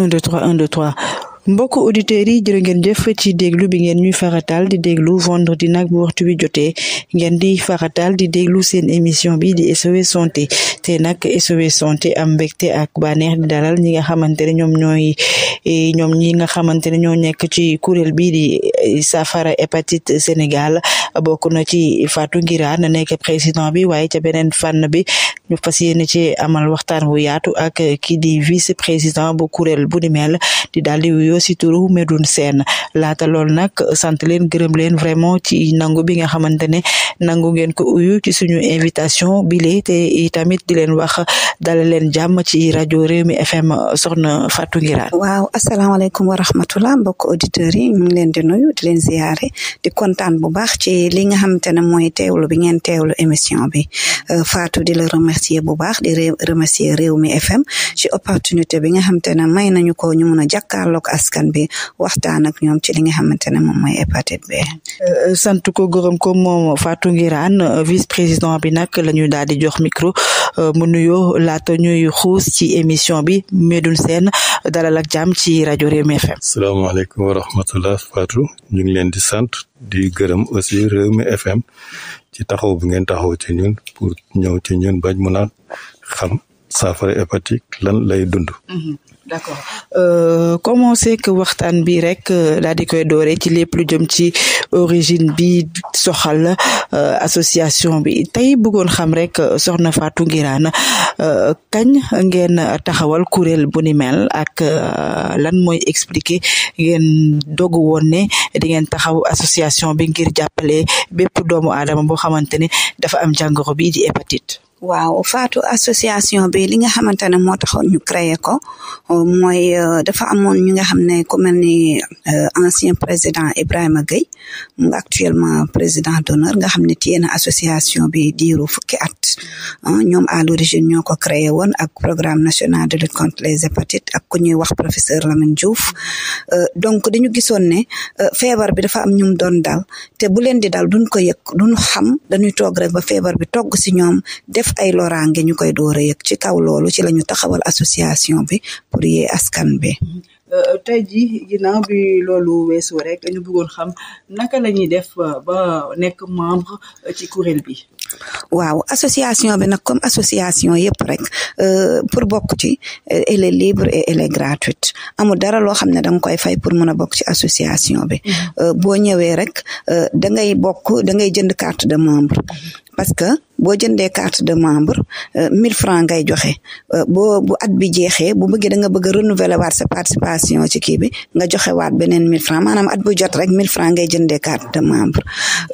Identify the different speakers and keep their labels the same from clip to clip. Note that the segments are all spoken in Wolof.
Speaker 1: 1, 2, 3, 1, 2, 3. mbokk auditeurs yi jërë ngeen jëf ci déglu bi ngeen ñuy faratal di déglu vendredi nag bu waxtu wi jotee ngeen di faratal di déglu seen émission bi di SOS santé te nag SOS santé am mbégte ak baneex di dalal ñi nga xamante ne ñoom ñooy e, ñoom ñi nga xamante ne ñoo nekk ci kuréel bii di e, safara hépatite Sénégal bokk na ci Fatou Ngirane nekk président bi waaye ca beneen fànn bi ñu fas yéene ci amal waxtaan bu yaatu ak kii di vice président bu kuréel bu ni wuyoo si turu Medoune Sène laata lool nag sant leen gërëm leen vraiment ci nangu bi nga xamante ne nangu ngeen ko uyu ci suñu invitation bile te tamit di leen wax dala leen jàmm ci rajo mi FM soxna Fatou
Speaker 2: Ngirane. waaw asalaamaaleykum wa rahmatulah mbokk auditeurs yi ñu ngi leen di nuyu di leen ziyaare di kontaan bu baax ci li nga xamante ne mooy teewlu bi ngeen teewlu émission bi euh, Fatou di la remercier bu baax di remercier Rewmi FM ci opportunité bi nga askan bi waxtaan ak ñoom ci li nga xamante ne moom mooy euh,
Speaker 1: sant ko gërëm ko moom Fatou Ngirane vice président bi nag la ñu daal di jox micro euh, mu nuyoo laata ñuy xuus ci émission bi Medoune seen dalal ak jàmm ci rajo Rewmi FM.
Speaker 3: salaamaaleykum wa rahmatulah Fatou ñu ngi leen di sant di gërëm aussi Rewmi FM ci taxaw bi ngeen taxaw ci ñun pour ñëw ci ñun bañ mun a xam saafara hépatique lan lay dund. Mhm.
Speaker 1: d' accord euh, commencé que waxtaan bi rek euh, daal di koy doore ci lépp lu jëm ci origine bi soxal euh, association bi tey bëggoon xam rek soxna Fatou Nguirane kañ ngeen taxawal kuréel bu ni mel ak lan mooy expliquer ngeen dog woon ne di ngeen taxaw association bi ngir jàppale bépp doomu aadama boo xamante ne dafa am jàngoro bi di hépatite.
Speaker 2: waaw faatu association bi li nga xamante ne moo taxoon ñu créé ko mooy euh, dafa amoon ñu nga xam ne ku mel ni euh, ancien président Ibrahima Gueye actuellement président d'honneur nga xam ne téye na association bi diiru fukki at ah, ñoom à l'origine ñoo ko créé woon ak programme national de lutte contre les hépatites ak ku ñuy wax professeur Lamine Diouf euh, donc dañu gisoon ne euh, feebar bi dafa am ñum doon dal te bu leen di dal duñ ko yëg duñ xam dañuy toog rek ba feebar bi togg si ñoom def ay loraange ñu koy doore a ci kaw loolu ci la ñu taxawal association bi pour yee askan bi mm-hmm.
Speaker 1: Euh, tey ji ginnaaw bi loolu weeso rek ñu bëggoon xam naka la ñuy def euh, ba nekk membre euh, ci kuréel bi.
Speaker 2: waaw association bi nag comme association yëpp rek pour bokk ci elle est libre et elle est gratuite dara loo xam ne da nga koy fay pour mën a bokk ci association bi. Mhm. boo ñëwee rek da ngay bokk da ngay jënd carte de membre mhm. parce que. boo jëndee carte de membre euh, mille francs ngay joxe euh, boo bu at bi jeexee bu bëggee da nga bëgg a renouveler waat sa participation ci kii bi nga joxe waat beneen mille francs maanaam at bu jot rek mille francs ngay jëndee carte de membre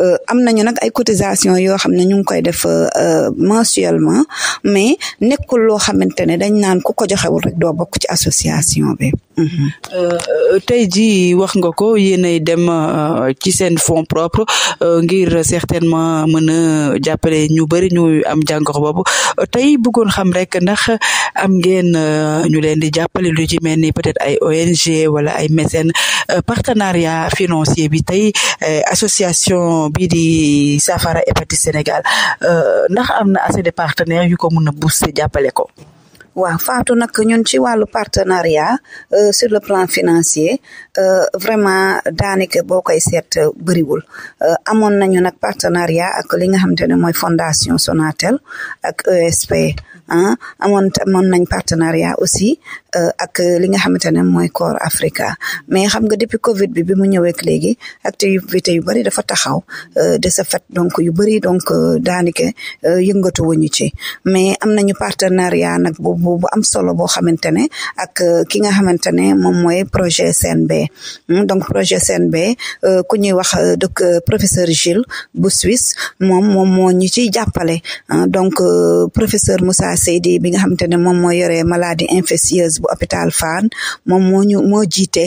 Speaker 2: euh, am nañu nag ay cotisation yoo xam ne ñu ngi koy def mensuellement mais nekkul loo xamante ne dañ naan ku ko joxewul rek doo bokk ci association bi Mm-hmm.
Speaker 1: Euh, tey jii wax nga ko yéenay dem euh, ci seen fonds propre euh, ngir certainement mën a jàppale ñu bëri ñu am jàngoro boobu tey bëggoon xam rek ndax am ngeen ñu leen di jàppale lu ci mel ni peut-être ay ONG wala ay mécènes partenariat financier bi tey association bi di Saafara Hépatite Sénégal ndax am na assez de partenaires yu ko na a booster jàppale ko.
Speaker 2: waaw Fatou nag ñun ci wàllu partenariat euh, sur le plan financier euh, vraiment daanaka boo koy seet euh, bëriwul amoon nañu nag partenariat ak li nga xamante ne mooy fondation Sonatel ak ESP ah amoon amoon nañ partenariat aussi Euh, ak li nga xamante ne mooy Corps Africa mais xam nga depuis Covid bi bi mu ñëwee ak léegi activité yu bëri dafa taxaw euh, de ce fait donc yu bëri donc euh, daanike yëngatu wuñu ci mais am nañu partenariat nag bu bu am solo boo xamante ne ak ki nga xamante ne moom mooy projet CNB hmm, donc projet CNB ku ñuy wax donc professeur Gilles bu Suisse moom moom moo ñu ciy jàppale donc professeur Moussa Seydi bi nga xamante ne moom moo yore maladie infectieuse bu hôpital Fann moom moo ñu moo jiite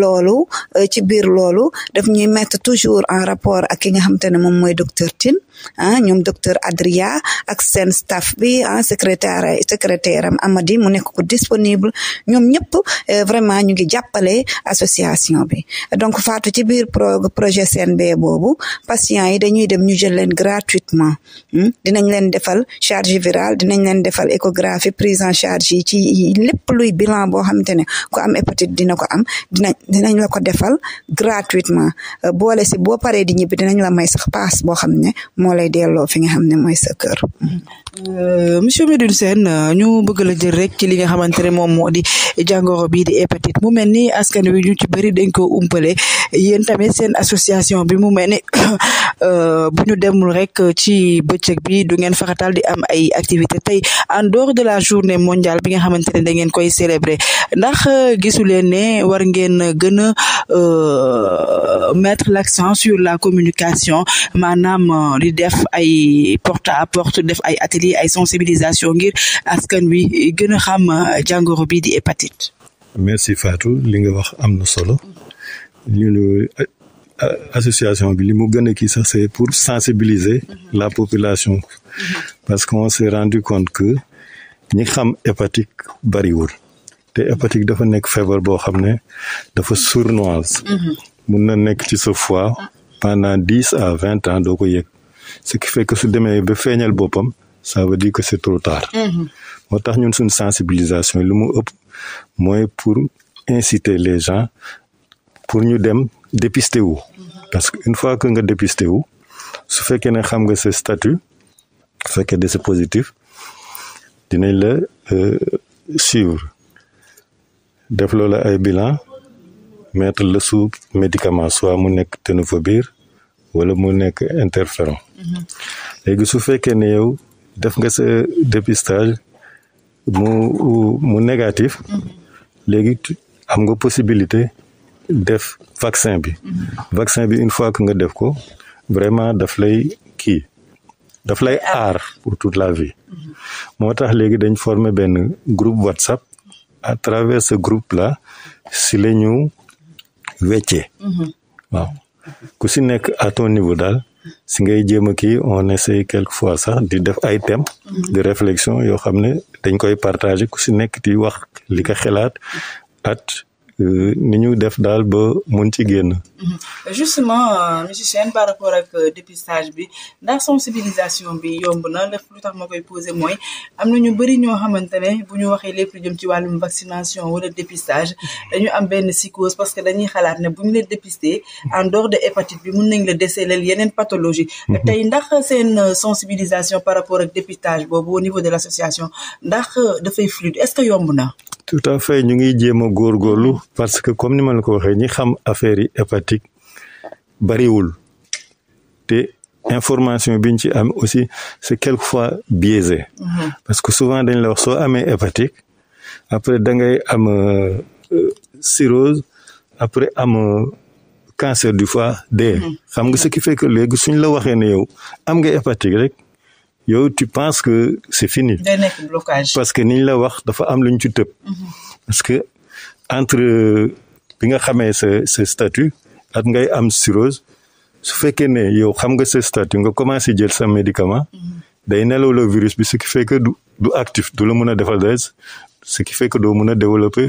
Speaker 2: loolu eh, ci biir loolu daf ñuy mettre toujours en rapport ak ki nga xamante ne moom mooy docteur tin ah ñoom docteur Adria ak seen staff bi ah secrétaire secrétaire am Amady mu nekk ko disponible ñoom ñëpp eh, vraiment ñu ngi jàppale association bi donc faatu ci biir projet CNB boobu patients yi dañuy dem ñu jël leen gratuitement hmm? dinañ leen defal charge virale dinañ leen defal échographie prise en charge yi ci lépp luy bilan boo xamante ne ko am hépatite dina ko am dinañ dinañ la ko defal gratuitement eh, boole si boo paree di ñibbi dinañ la may sax paas boo xam moo lay delloo fi nga xam ne mooy sa kër.
Speaker 1: Euh, monsieur Medoune ñu bëgg la jël rek ci li nga xamante ne moom moo di jàngoro bii di hépatite mu mel ni askan wi ñu ci bëri dañ ko umpale yéen tamit seen association bi mu mel ni euh, bu ñu demul rek ci bëccëg bi du ngeen faxatal di am ay activité tey en dehors de la journée mondiale bi nga xamante ne da ngeen koy célébrer ndax euh, gisu leen ne war ngeen gën a mettre l'accent sur la communication maanaam di def ay porte à porte def ay atelier ay sensibilisation ngir wi gën a xam euh, jàngoro bi di hépatite.
Speaker 3: merci Fatou li nga wax am na solo ñun euh, association bi li mu gën a kii sax pour sensibiliser mhm. la population mhm. parce qu'on s'est rendu compte que ñi xam hépatique bariwul te hépatique dafa nekk feebar boo xam ne dafa sournoise mhm. mun na nekk ci sa foie ah. pendant dix vingt ans doo ko yëg ce qui fekk su demee ba feeñal boppam ça veut dire que c'est trop mm-hmm. moo tax ñun suñu sensibilisation lu mu ëpp mooy pour inciter les gens pour ñu dem dépister wu. Mm-hmm. parce que une fois que nga dépister wu su fekkee ne xam nga sa statut su fekkee de sa positif dinañ la euh, suivre def loola ay bilan mettre la sous médicament soit mu nekk biir wala mu nekk interféron mhm. léegi su fekkee ne yow def nga sa dépistage mu mu négatif mhm. léegi am nga possibilité def vaccin bi mhm. vaccin bi une fois que nga def ko vraiment daf lay kii daf lay aar pour toute la vie moo tax léegi dañ former benn groupe WhatsApp à travers ce groupe la si la ñu weccee ku si nekk à ton niveau daal si ngay jéem a kii on essaye quelque fois sax di def ay thèmes de réflexion yoo xam ne dañ koy partager ku si nekk di wax li ko xalaat at euh, ni ñu def daal ba mun ci génn
Speaker 1: Mhm. justement euh, monsieur Sène par rapport ak euh, dépistage bi ndax sensibilisation bi yomb na lépp lu tax ma koy poser mooy am na ñu bëri ñoo xamante ne bu ñu waxee lépp lu jëm ci wàllum vaccination wala dépistage dañu am benn psychose parce que dañuy xalaat ne bu ñu la dépister en dehors de hépatite bi mun nañ la déceler yeneen pathologie mhm. tey ndax seen euh, sensibilisation par rapport ak dépistage boobu au niveau de l'association ndax dafay fluide est-ce que yomb na
Speaker 3: tout ñu ngi jéem a góorgóorlu parce que comme ni ma la ko waxee ñi xam affaire yi hépatite bariwul te information biñ ci am aussi c'est quelquefois biaisé mm parce que souvent dañ la wax soo amee hépatique après dangay am euh, cirrhose après am euh, cancer du fois de mhm. xam nga ce qui fait que léegi suñ la waxee ne yow am nga hépatique rek yow tu penses que c'est fini parce que niñ la wax dafa am luñ ci tëb mhm. parce que entre euh, bi nga xamee sa sa at ngay am cirrhose su fekkee ne yow xam nga sa statut nga commencé jël sa médicament mm-hmm. day nelaw la virus bi ce qui du actif du la mën a defal dara ce qui doo mën a développer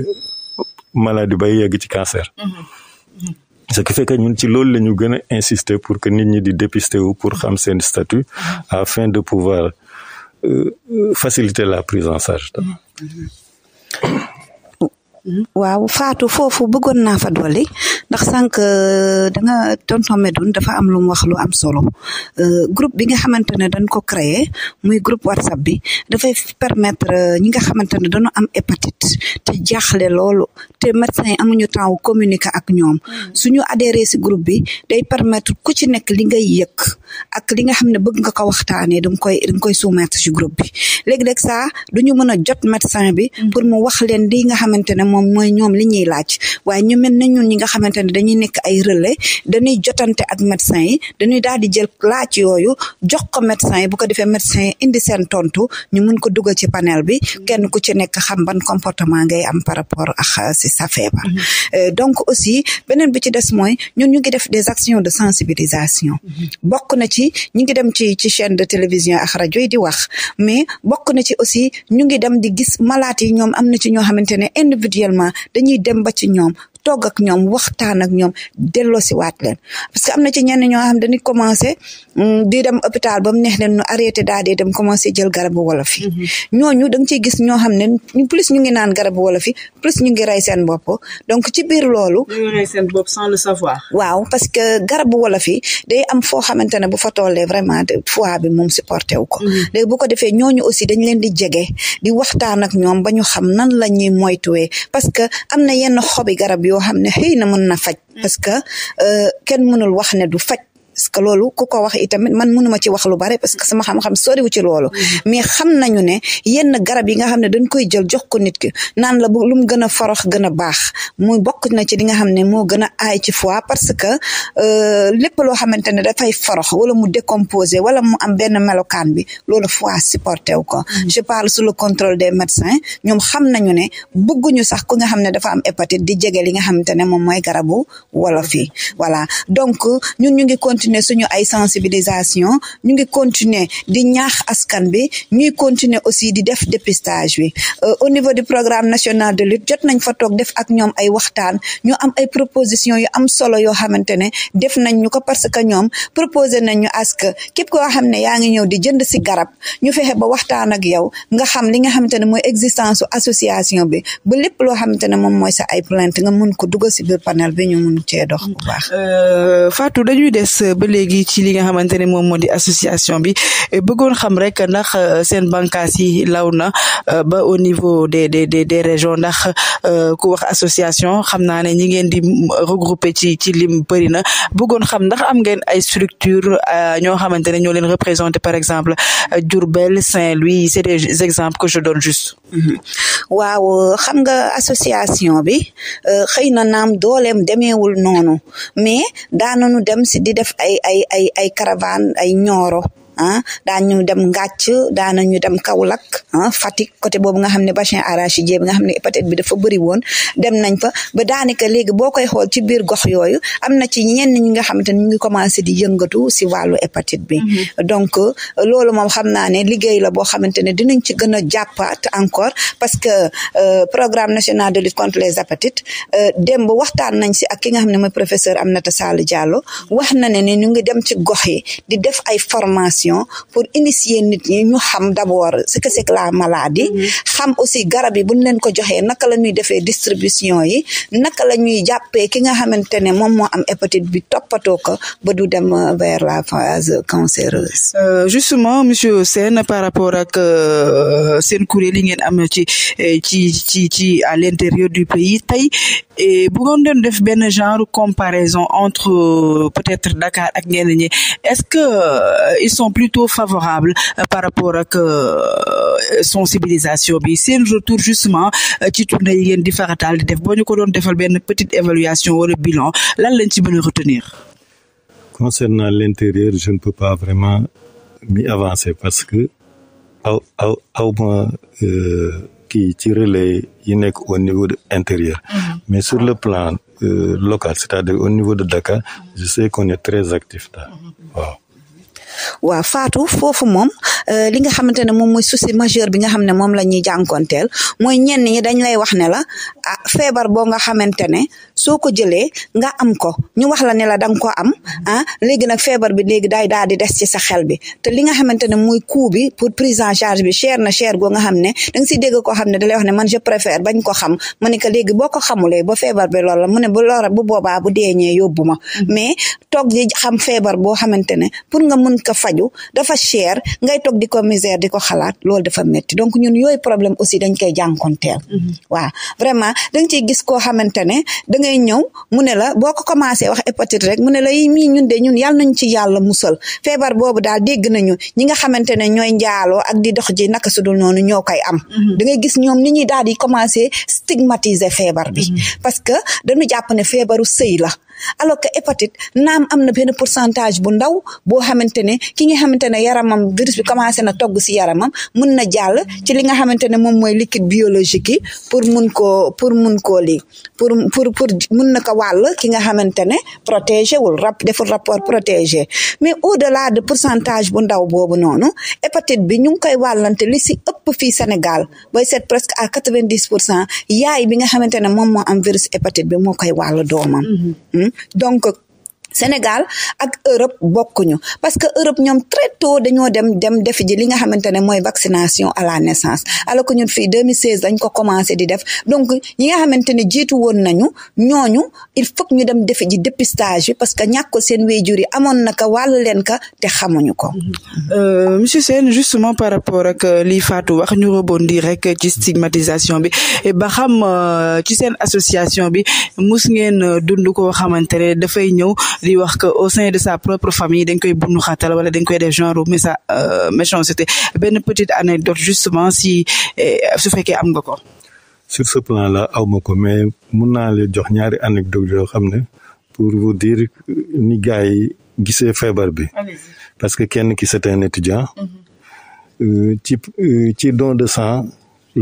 Speaker 3: maladie bay yegg ci cancer. Mm-hmm. ce qui ñun ci loolu la ñu gën a insister pour que nit ñi di dépister wu pour xam seen statut mm-hmm. afin de pouvoir euh, faciliter la prise en charge.
Speaker 2: waaw Fatou foofu bëggoon naa ndax sànq euh, da nga tonton Medoune dafa am lu mu wax lu am solo euh, groupe bi nga xamante ne dañ ko créer muy groupe WhatsApp bi dafay permettre euh, ñi nga xamante ne dañu am hépatite te jaaxle loolu te médecin yi amuñu temps communique ak ñoom mm. suñu adhéré si groupe bi day permettre ku ci nekk li ngay yëg ak li nga xam ne bëgg nga ko waxtaanee da koy da nga koy soumettre si groupe bi léeg-léeg sa duñu mën a jot médecin bi mm. pour mu wax leen li nga xamante ne moom mooy ñoom li ñi xamante ne dañuy nekk ay relais dañuy jotante ak médecin yi dañuy daal di jël laaj yooyu jox ko médecin yi bu ko defee médecin yi indi seen tontu ñu mun ko dugal ci panel bi kenn ku ci nekk xam ban comportement ngay am par rapport ak euh, si sa e donc aussi beneen bi ci des mooy ñu ñu ngi def des actions de sensibilisation mhm. bokk na ci ñu ngi dem ci ci chaîne de télévision ak rajo di wax mais bokk na ci aussi ñu ngi dem di gis malaat yi ñoom am na ci ñoo xamante ne individuellement dañuy dem ba ci ñoom togg ak ñoom waxtaan ak ñoom delloosiwaat leen parce que am na ci ñenn ñoo xam dañuy commencé mm, di dem hôpital ba mu neex leen nu arrêté daal di dem commencé jël garabu wolof yi. Mm-hmm. ñooñu da nga ciy gis ñoo xam ne ñu plus ñu ngi naan garabu wolof yi plus ñu ngi rey seen bopp donc ci biir loolu. ñu ngi rey seen bopp sans le savoir. waaw parce que garabu wolof yi day am foo xamante ne bu fa tollee vraiment foie bi moom supporté wu ko. Mm-hmm. léegi bu ko defee ñooñu aussi dañ leen di jege di waxtaan ak ñoom ba ñu xam nan la ñuy moytuwee parce que am na yenn xobi yoo xam ne xëy na mën na faj mm. parce que euh, kenn mënul wax ne du faj parce que loolu ku ko wax itamit man mënu ma ci wax lu bare parce que sama xam-xam soriwu ci loolu mais xam nañu ne yenn garab yi nga xam ne dañ koy jël jox ko nit ki naan la bu lu mu gën a forox gën a baax muy bokk na ci li nga xam ne moo gën a aay ci foie parce que euh, lépp loo xamante ne dafay forox wala mu décomposé wala mu am benn melokaan bi loolu fois supporté wu ko mm-hmm. je parle sous le contrôle des médecins ñoom xam nañu ne bëgguñu sax ku nga xam ne dafa am hépatite di jege li nga xamante ne moom mooy garabu wolof yi continuer suñu ay sensibilisation ñu ngi continuer di ñaax askan bi ñuy continuer aussi di def dépistage bi euh, au niveau du programme national de lutte jot nañ fa toog def ak ñoom ay waxtaan ñu am ay proposition yu am solo yoo xamante ne def nañ ñu ko parce que ñoom proposé nañ ñu à ce que képp koo xam ne yaa ngi ñëw di jënd si garab ñu fexe ba waxtaan ak yow nga xam li nga xamante ne mooy existence association bi ba lépp loo xamante ne moom mooy sa ay plainte nga mun ko dugal si biir panel bi ñu mun cee dox bu baax.
Speaker 1: Euh, ba léegi ci li nga xamante ne moom moo di association bi eh, bëggoon xam rek ndax eh, seen bànqaas yi law na eh, ba au niveau des des des régions ndax ku wax association xam naa ne ñi ngeen di mm, regrouper ci ci lim bëri na bëggoon xam ndax am ngeen ay structure ñoo xamante ne ñoo leen représenter par exemple Diourbel Saint-Louis c'est des exemples que je donne juste mm-hmm.
Speaker 2: waaw xam nga association bi xëy na naam dooleem demeewul noonu mais daanañu dem si di def ay ay ay ay caravane ay ñooro ah daañu dem Ngathie daanañu dem Kaolack ah Fatick côté boobu nga xam ne bassin arachidier bi nga xam ne hépatite bi dafa bëri woon dem nañ fa ba daanaka léegi boo koy xool ci biir gox yooyu am na ci ñenn ñi nga xamante ni ñu ngi commencé di yëngatu si wàllu hépatite bi. Mhm. donc loolu moom xam naa ne liggéey la boo xamante ne dinañ ci gën a jàppaat encore parce que euh, programme national de lutte contre les hépatites euh, waxtaan nañ si ak ki nga xam ne mooy professeur Aminata Sall Diallo wax na ne ne ñu ngi dem ci gox yi di def ay formation formation pour initier nit ñi ñu xam d' abord ce que c' est que la maladie mhm. xam aussi garab yi buñ leen ko joxee naka la ñuy defee distribution yi naka la ñuy jàppee ki nga xamante ne moom moo am hépatite bi toppatoo ko ba du dem euh, vers la phase cancéreuse
Speaker 1: euh, justement monsieur Sène par rapport ak euh, seen kuréel yi ngeen am ci eh, ci ci ci à l' intérieur du pays tey eh, bu ngeen doon def benn genre comparaison entre peut-être Dakar ak ñeneen ñi est-ce que ils sont plutôt favorable euh, par rapport ak euh, sensibilisation bi seen retour justement euh, ci tournée yi ngeen di farataal di def boo ñu ko doon defal benn petite évaluation wala bilan lan lañ ci mën a retenir
Speaker 3: concernant l'intérieur je ne peux pas vraiment m'y avancer parce que aw aw aw ma kii ci relais yi nekk au niveau de intérieur mm-hmm. mais sur le plan euh, c'est-à-dire au niveau de Dakar je sais qu'on est très actif
Speaker 2: waaw faatu foofu moom euh, li nga xamante ne moom mooy souci majeur bi nga xam ne moom la ñuy jànkonteel mooy ñenn ñi dañ lay wax ne la ah feebar boo nga xamante ne soo ko jëlee nga am ko ñu wax la la da nga ko am ah léegi feebar bi léegi day daal di des ci sa xel bi te li nga xamante ne mooy coût bi pour prise en charge bi cher na cher goo nga xam ne da si dégg koo xam ne da lay wax ne man je ba bañ ko xam mu ne que léegi boo ko xamulee ba feebar bi loolu la mu ne bu loola bu boobaa bu deeñee yóbbu ma mais toog di xam feebar boo xamante ne pour nga mën ko faju dafa cher ngay toog di ko misère di ko xalaat loolu dafa métti donc ñun yooyu problème aussi dañ koy jànkonteel mm-hmm. waaw vraiment da nga ciy ngay ñëw mu ne la boo ko commencé wax hépatite rek mu ne la yi mii ñun de ñun yàlla nañ ci yàlla musal feebar boobu daal dégg nañu ñi nga xamante ne ñooy njaaloo ak di dox ji naka sudul noonu ñoo koy am mhm. da ngay gis ñoom ni ñuy daal di commencé stigmatiser feebar bi mhm. parce que dañu jàpp ne feebaru la alors que hépatite naam am na benn pourcentage bu ndaw boo xamante ne ki nga xamante ne yaramam virus bi commencé na togg si yaramam mun na jàll ci li nga xamante ne moom mooy liquide biologique yi pour mun koo pour mun koo lii pour pour pour mun na ko wàll ki nga xamante ne protégé wul rap deful rapport protégé mais au delà de pourcentage bu ndaw boobu noonu hépatite bi ñu ngi koy wàllante li si ëpp fii Sénégal booy seet presque à quatre vingt dix pour cent yaay bi nga xamante ne moom moo am virus hépatite bi moo koy wàll doomam. Mm-hmm. Hmm? donc Sénégal ak Europe bokkuñu parce que Europe ñoom très tôt dañoo dem dem def ji li nga xamante ne mooy vaccination à la naissance alors que ñun fii 2016 dañ ko commencé di def donc ñi nga xamante ne jiitu woon nañu ñooñu il faut que ñu dem def ji dépistage bi parce que ñàkk ko seen wéyjur yi amoon naka ka leen ka te
Speaker 1: xamuñu ko. Euh, monsieur Sène justement par rapport ak euh, li faatu wax ñu rebondir rek ci stigmatisation bi ba xam euh, ci seen association bi mus ngeen dund koo xamante ne dafay ñëw. di wax que au sein de sa propre famille dañ koy bundu xatal wala dañ koy def genre mais sa euh, méchanceté benn petite anecdote justement si eh, su fekkee am nga ko.
Speaker 3: sur ce plan là aw ma ko mais mun naa le jox ñaari anecdote yoo xam ne pour vous dire ni gars yi gisee feebar bi. parce que kenn ki c'est un étudiant. Mm-hmm. Euh, ci euh, ci don de sang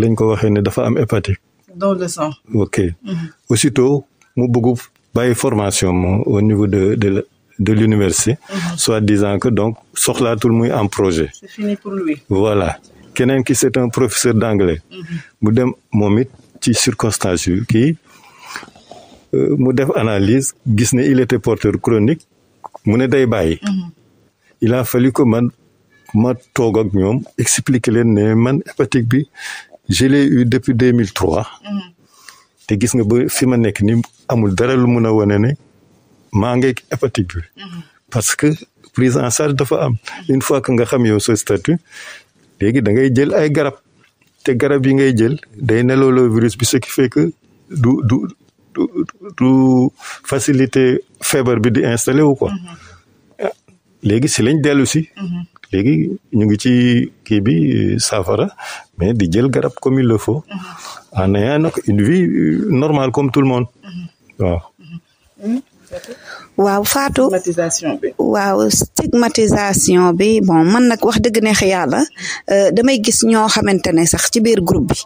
Speaker 3: lañ ko waxee ne dafa am hépatique.
Speaker 1: don de sang. Mm-hmm.
Speaker 3: mu bëgg bàyyi formation moom au niveau de de de l'université mm -hmm. soit disant que donc soxlaatul mu am projet c'est fini pour lui. voilà keneen ki c'est un professeur d'anglais mhm. mu dem moom it ci circonstance yu kii euh, mu def analise gis ne il était porteur chronique mu ne day bàyyi mhm. il a fallu ma toog ak ñoom expliquer leen ne man hépatique bi je l'ai eu depuis 2003. Mm te gis nga ba fi ma nekk ni amul dara lu mun a wane ne maa ngi hépatique bi mhm. parce que prise en dafa am une fois que nga xam yow sa statut léegi da ngay jël ay garab te garab yi ngay jël day nelawloo virus bi ce qui du du du facilité feebar bi di installé wu quoi mhm. ah, léegi si lañ dellu mhm. léegi ñu ngi ci kii bi saafara mais di jël garab comme il le faut mm-hmm. en ayant nag une vie euh, normale comme tout le monde mm-hmm.
Speaker 2: waaw mm-hmm. waaw stigmatisation bi bon man nag wax dëgg neex yàlla euh, damay gis ñoo xamante ne sax ci biir group bi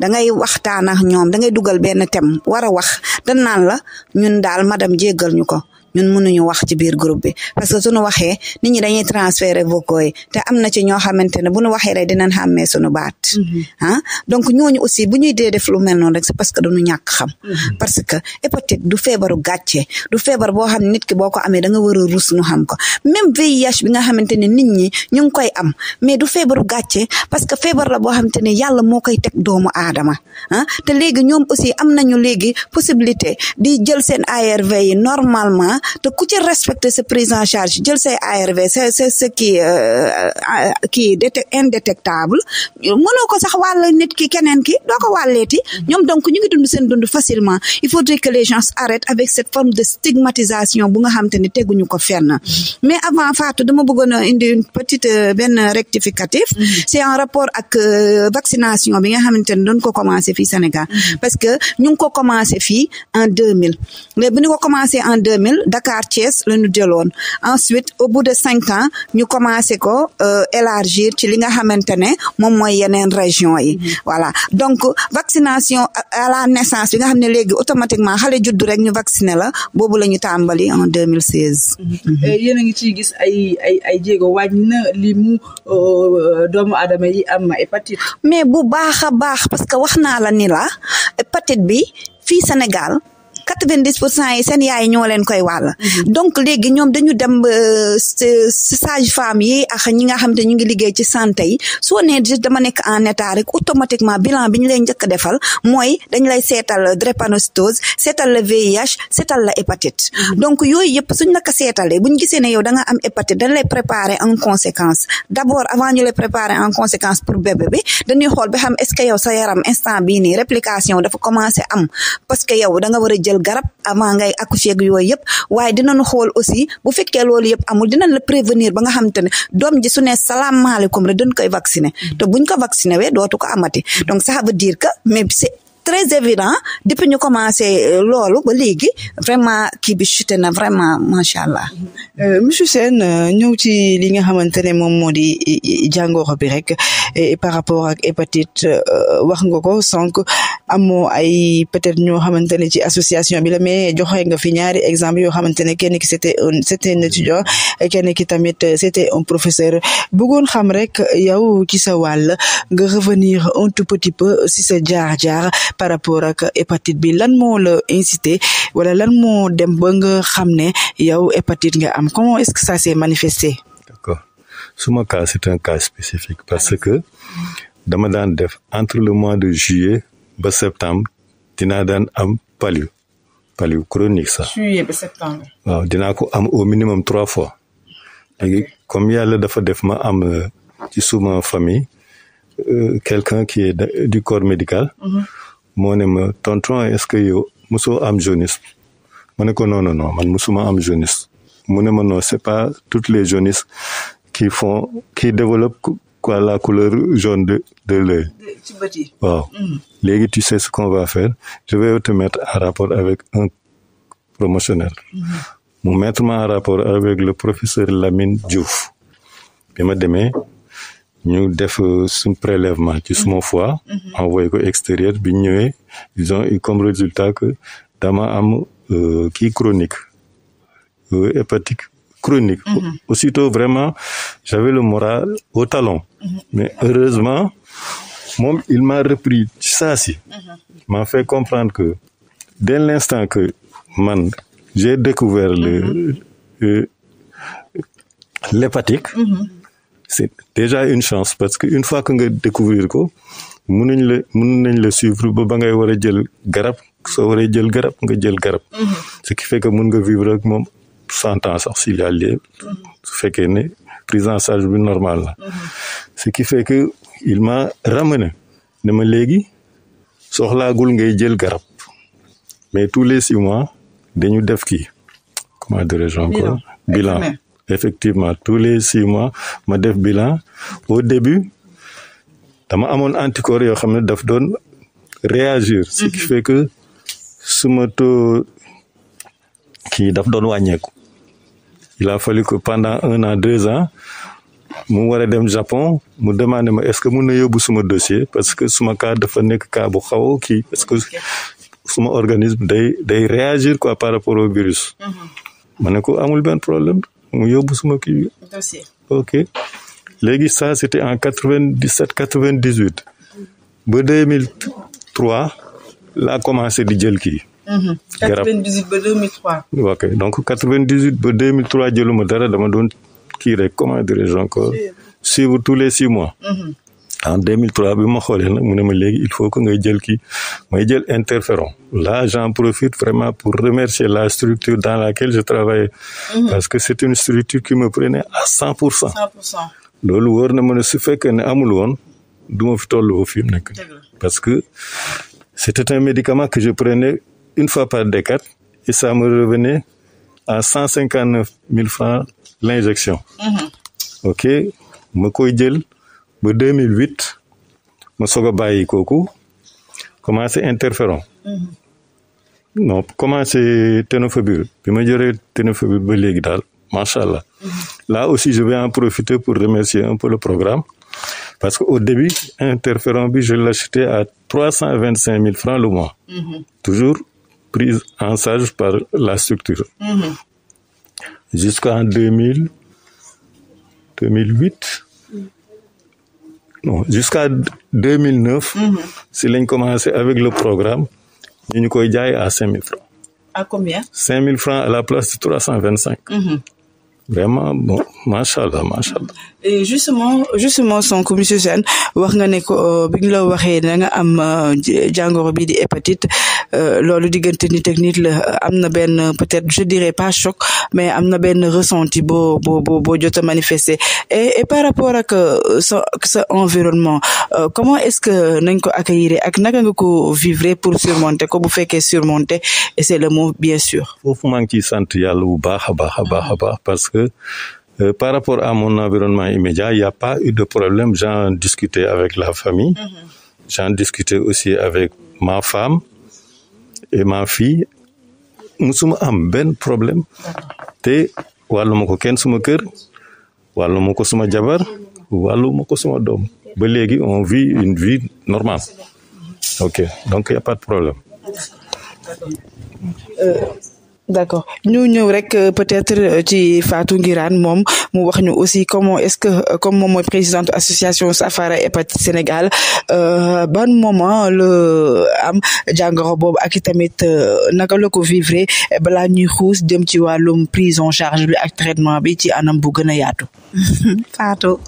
Speaker 2: da ngay waxtaan ak ñoom da ngay dugal benn thème war a wax dañ naan la ñun daal madame jéggal ñu ko ñun mënuñu wax ci biir groupe bi parce que suñu waxee ni ñi dañuy transférer vocaux yi te am na ci ñoo xamante ne bu ñu waxee rek dinañ xàmmee suñu baat mm-hmm. ah donc ñooñu aussi bu ñuy dee def lu mel noonu rek parce que dañu ñàkk xam mm-hmm. parce que hépatite du feebaru gàcce du feebar boo xam nit ki boo ko amee da nga war a rus ñu xam ko même VIH bi nga xamante ne nit ñi ñu ngi koy am mais du feebaru gàcce parce que feebar la boo xamante ne yàlla moo koy teg doomu aadama ah te léegi ñoom aussi am nañu léegi possibilité di jël seen ARV yi normalement te ku ci respecté sa prise en charge jël say ARV sa sa sa kii euh, euh, euh, kii indétectable mënoo ko sax wàll nit ki keneen ki doo ko wàlleeti mm-hmm. ñoom donc ñu ngi dund seen dund facilement il faut faudrait que les gens arrêtent avec cette forme de stigmatisation bu nga xam te ne teguñu ko fenn mm-hmm. mais avant Fatou dama bëggoon a indi une petite benn rectificatif mm-hmm. c'est en rapport ak vaccination bi nga xamante ne doon ko commencé fii Sénégal parce que ñu ngi ko commencé fii en deux mille mais bu ñu ko commencé en deux Dakar Thiès la ñu jëloon ensuite au bout de cinq ans ñu commencé ko euh, élargir ci li nga xamante ne moom mooy yeneen région yi mm-hmm. voilà donc vaccination à la naissance bi nga xam ne léegi automatiquement xale juddu rek ñu vacciné la boobu la ñu tàmbali en 2016. Mm-hmm.
Speaker 1: Mm-hmm. Euh, yéen a ngi ciy gis ay
Speaker 2: ay ay jéego wàññi na li mu euh, doomu aadama yi am hépatite. mais bu baax a baax parce que wax naa la ni la hépatite bi fii Sénégal. quatre-vingt-dix pour cent yi seen yaay ñoo leen koy wàll mhm. donc léegi ñoom dañu dem euh, sage-femme yi ak ñi nga xam te ñu ngi liggéey ci santé yi soo nee dama nekk en état rek automatiquement bilan bi ñu lay njëkk defal mooy dañ lay seetal drépanocytose seetal la VIH seetal la hépatite mhm. donc yooyu yëpp suñ la ko seetalee buñ gisee ne yow da nga am hépatite dañ lay préparer en conséquence d'abord avant ñu lay préparer en conséquence pour bébé bi dañuy xool xam est-ce que yow sa yaram instant bii nii réplication dafa da nga war jël garab avant ngay accoucher ak yooyu yëpp waaye dinañu xool aussi bu fekkee loolu yëpp amul dinañ la prévenir ba nga xamante ne doom ji su ne salaamaaleykum rek dañ koy vacciner mm-hmm. te buñ ko vacciner wee dootu ko amati mm-hmm. donc ça veut dire très évident depuis ñu commencé euh, loolu ba léegi vraiment kii bi chuté na vraiment macha allah. Euh, monsieur Sène euh,
Speaker 1: ñëw ci li nga xamante ne moom moo di jàngoro bi rek par rapport ak hépatite wax nga ko sànq amoo ay peut-être ñoo xamante ne ci association bi la mais joxe nga fi ñaari exemple yoo xamante ne kenn ki c'était un c'était un étudiant kenn ki tamit c'était un professeur bëggoon xam rek yow ci sa wàll nga revenir un tout petit si sa jaar diar par rapport ak hépatite bi lan moo la incité wala lan moo dem ba nga xam ne yow hépatite nga am comment est-ce que ça s'est manifesté
Speaker 3: suma cas c'est un cas spécifique parce que dama daan def entre le mois de juillet ba septembre dinaa daan am palu palu chronique sax juillet waaw dinaa ko am au minimum trois fois léegi comme yàlla dafa def ma am euh, ci suma famille euh, quelqu'un qui est du corps médical mm-hmm. moo ne ma tonton est-ce que yow mosoo am jaunisse ma ne ko non non non man mosuma am jaunisse mu ne ma non c'est pas toutes les jaunisses qui font qui développe quoi la couleur jaune de de l'œil waaw mm. léegi tu sais ce qu'on va faire je vais te mettre en rapport avec un promotionnel mm-hmm. mu mettre ma en rapport avec le professeur Lamine Diouf bi ma demee ñu def euh, suñ prélèvement ci suma mhm. foie mhm. envoyé ko extérieur bi ñu ñëwee ils ont eu comme résultat que dama am euh, kii chronique euh, hépatique chronique mhm. aussitôt vraiment j'avais le moral au talon mais heureusement moom il m'a repris ci saa si m'a fait comprendre que dès l'instant que man j'ai découvert le c'est déjà une chance parce que une fois que nga découvrir ko mun nañ le mun nañ la suivre ba ba ngay war a jël garab soo waree jël garab nga jël garab. Mm-hmm. ce qui fait mun nga vivre ak moom cent ans sax s'il y a lieu mm-hmm. su fekkee ne prise en charge bi normal la. Mm-hmm. ce qui fait il m'a ramené ne ma léegi soxlaagul ngay jël garab mais tous les six mois dañu def kii bilan. effectivement tous les six mois ma def bilan au début dama amoon anticorps yoo xam ne daf doon réagir ce qui mhm. fait que suma taux kii daf doon wàññeeku il a fallu que pendant un an deux ans mu war a dem Japon mu demandé ma est-ce que mun na yóbbu suma dossier parce que suma cas dafa nekk cas bu xaw kii parce que suma organisme day day réagir quoi par rapport au virus mhm. ma ne ko amul benn problème mu yóbbu suma kii. dossier ok léegi ça c' en quatre vingt dix sept quatre vingt dix huit ba deux mille trois laa commencé di jël kii.
Speaker 1: Mhm. garab 98 donc 2003.
Speaker 3: ok donc 98 ba 2003 jëluma dara dama doon kii rek comment dirais-je encore. suivre tous les six mois. Mhm. en 2003 bi ma xoolee nag mu ne ma léegi il faut que ngay jël kii may jël interféron là j'en profite vraiment pour remercier la structure dans laquelle je travaillais mmh. parce que c'est une structure qui me prenait à pour cent loolu wóor na ma ne su fekkee ne amul woon du ma fi toll ba fi mu nekk parce que c'était un médicament que je prenais une fois par décade et ça me revenait à cent cinquante neuf mille francs l'injection mmh. ok ma koy jël ba 2008 ma soog a bàyyi kooku commencé interféron. Mm-hmm. non commencé ténofovir bi ma jëlee ténofovir ba léegi daal macha allah. Mm-hmm. là aussi je vais en profiter pour remercier un peu le programme. parce que au début interféron bi je l'achetais à trois cent vingt cinq mille francs le mois. Mm-hmm. toujours prise en charge par la structure. Mmh. jusqu'en bon jusqu'à 2009. si lañ commencé avec le programme ñu ñu koy jaay à 5000 francs. à combien. mille francs à la place de cinq vraiment bon macha allah macha allah.
Speaker 1: et justement justement sonk monsieur Sène wax nga ne ko euh, bi ñu la waxee da nga am euh, jàngoro bi di hépatite euh, loolu diggante nit ak la am na benn peut-être je dirais pas choc mais am na benn ressenti boo boo boo boo jot a par rapport ak sa sa environnement comment est-ce que nañ ko accueillir ak naka vivre pour surmonter ko bu fekkee surmonter et le
Speaker 3: mot bien sûr. foofu maa ngi ciy sant yàlla bu baax a Euh, par rapport à mon environnement immédiat, il n'y a pas eu de problème. J'en discutais avec la famille, mmh. j'en discutais aussi avec ma femme et ma fille. musuma am benn problème te wàlluma ko kenn suma kër wàlluma ko suma jabar wàlluma ko suma doom ba léegi on vit une vie normale ok donc y pas de problème.
Speaker 1: Euh, d'accord ñu ñëw rek euh, peut-être euh, ci Fatou Nguirane moom mu wax ñu aussi comment est-ce que euh, comme moom mooy présidente association Saafara Hépatite Sénégal ban moment le am jàngoro boobu ak itamit naka la ko vivre eh, balaa ñuy xuus jëm ci wàllum prise en charge bi ak traitement bi ci anam bu gën a yaatu
Speaker 2: Fatou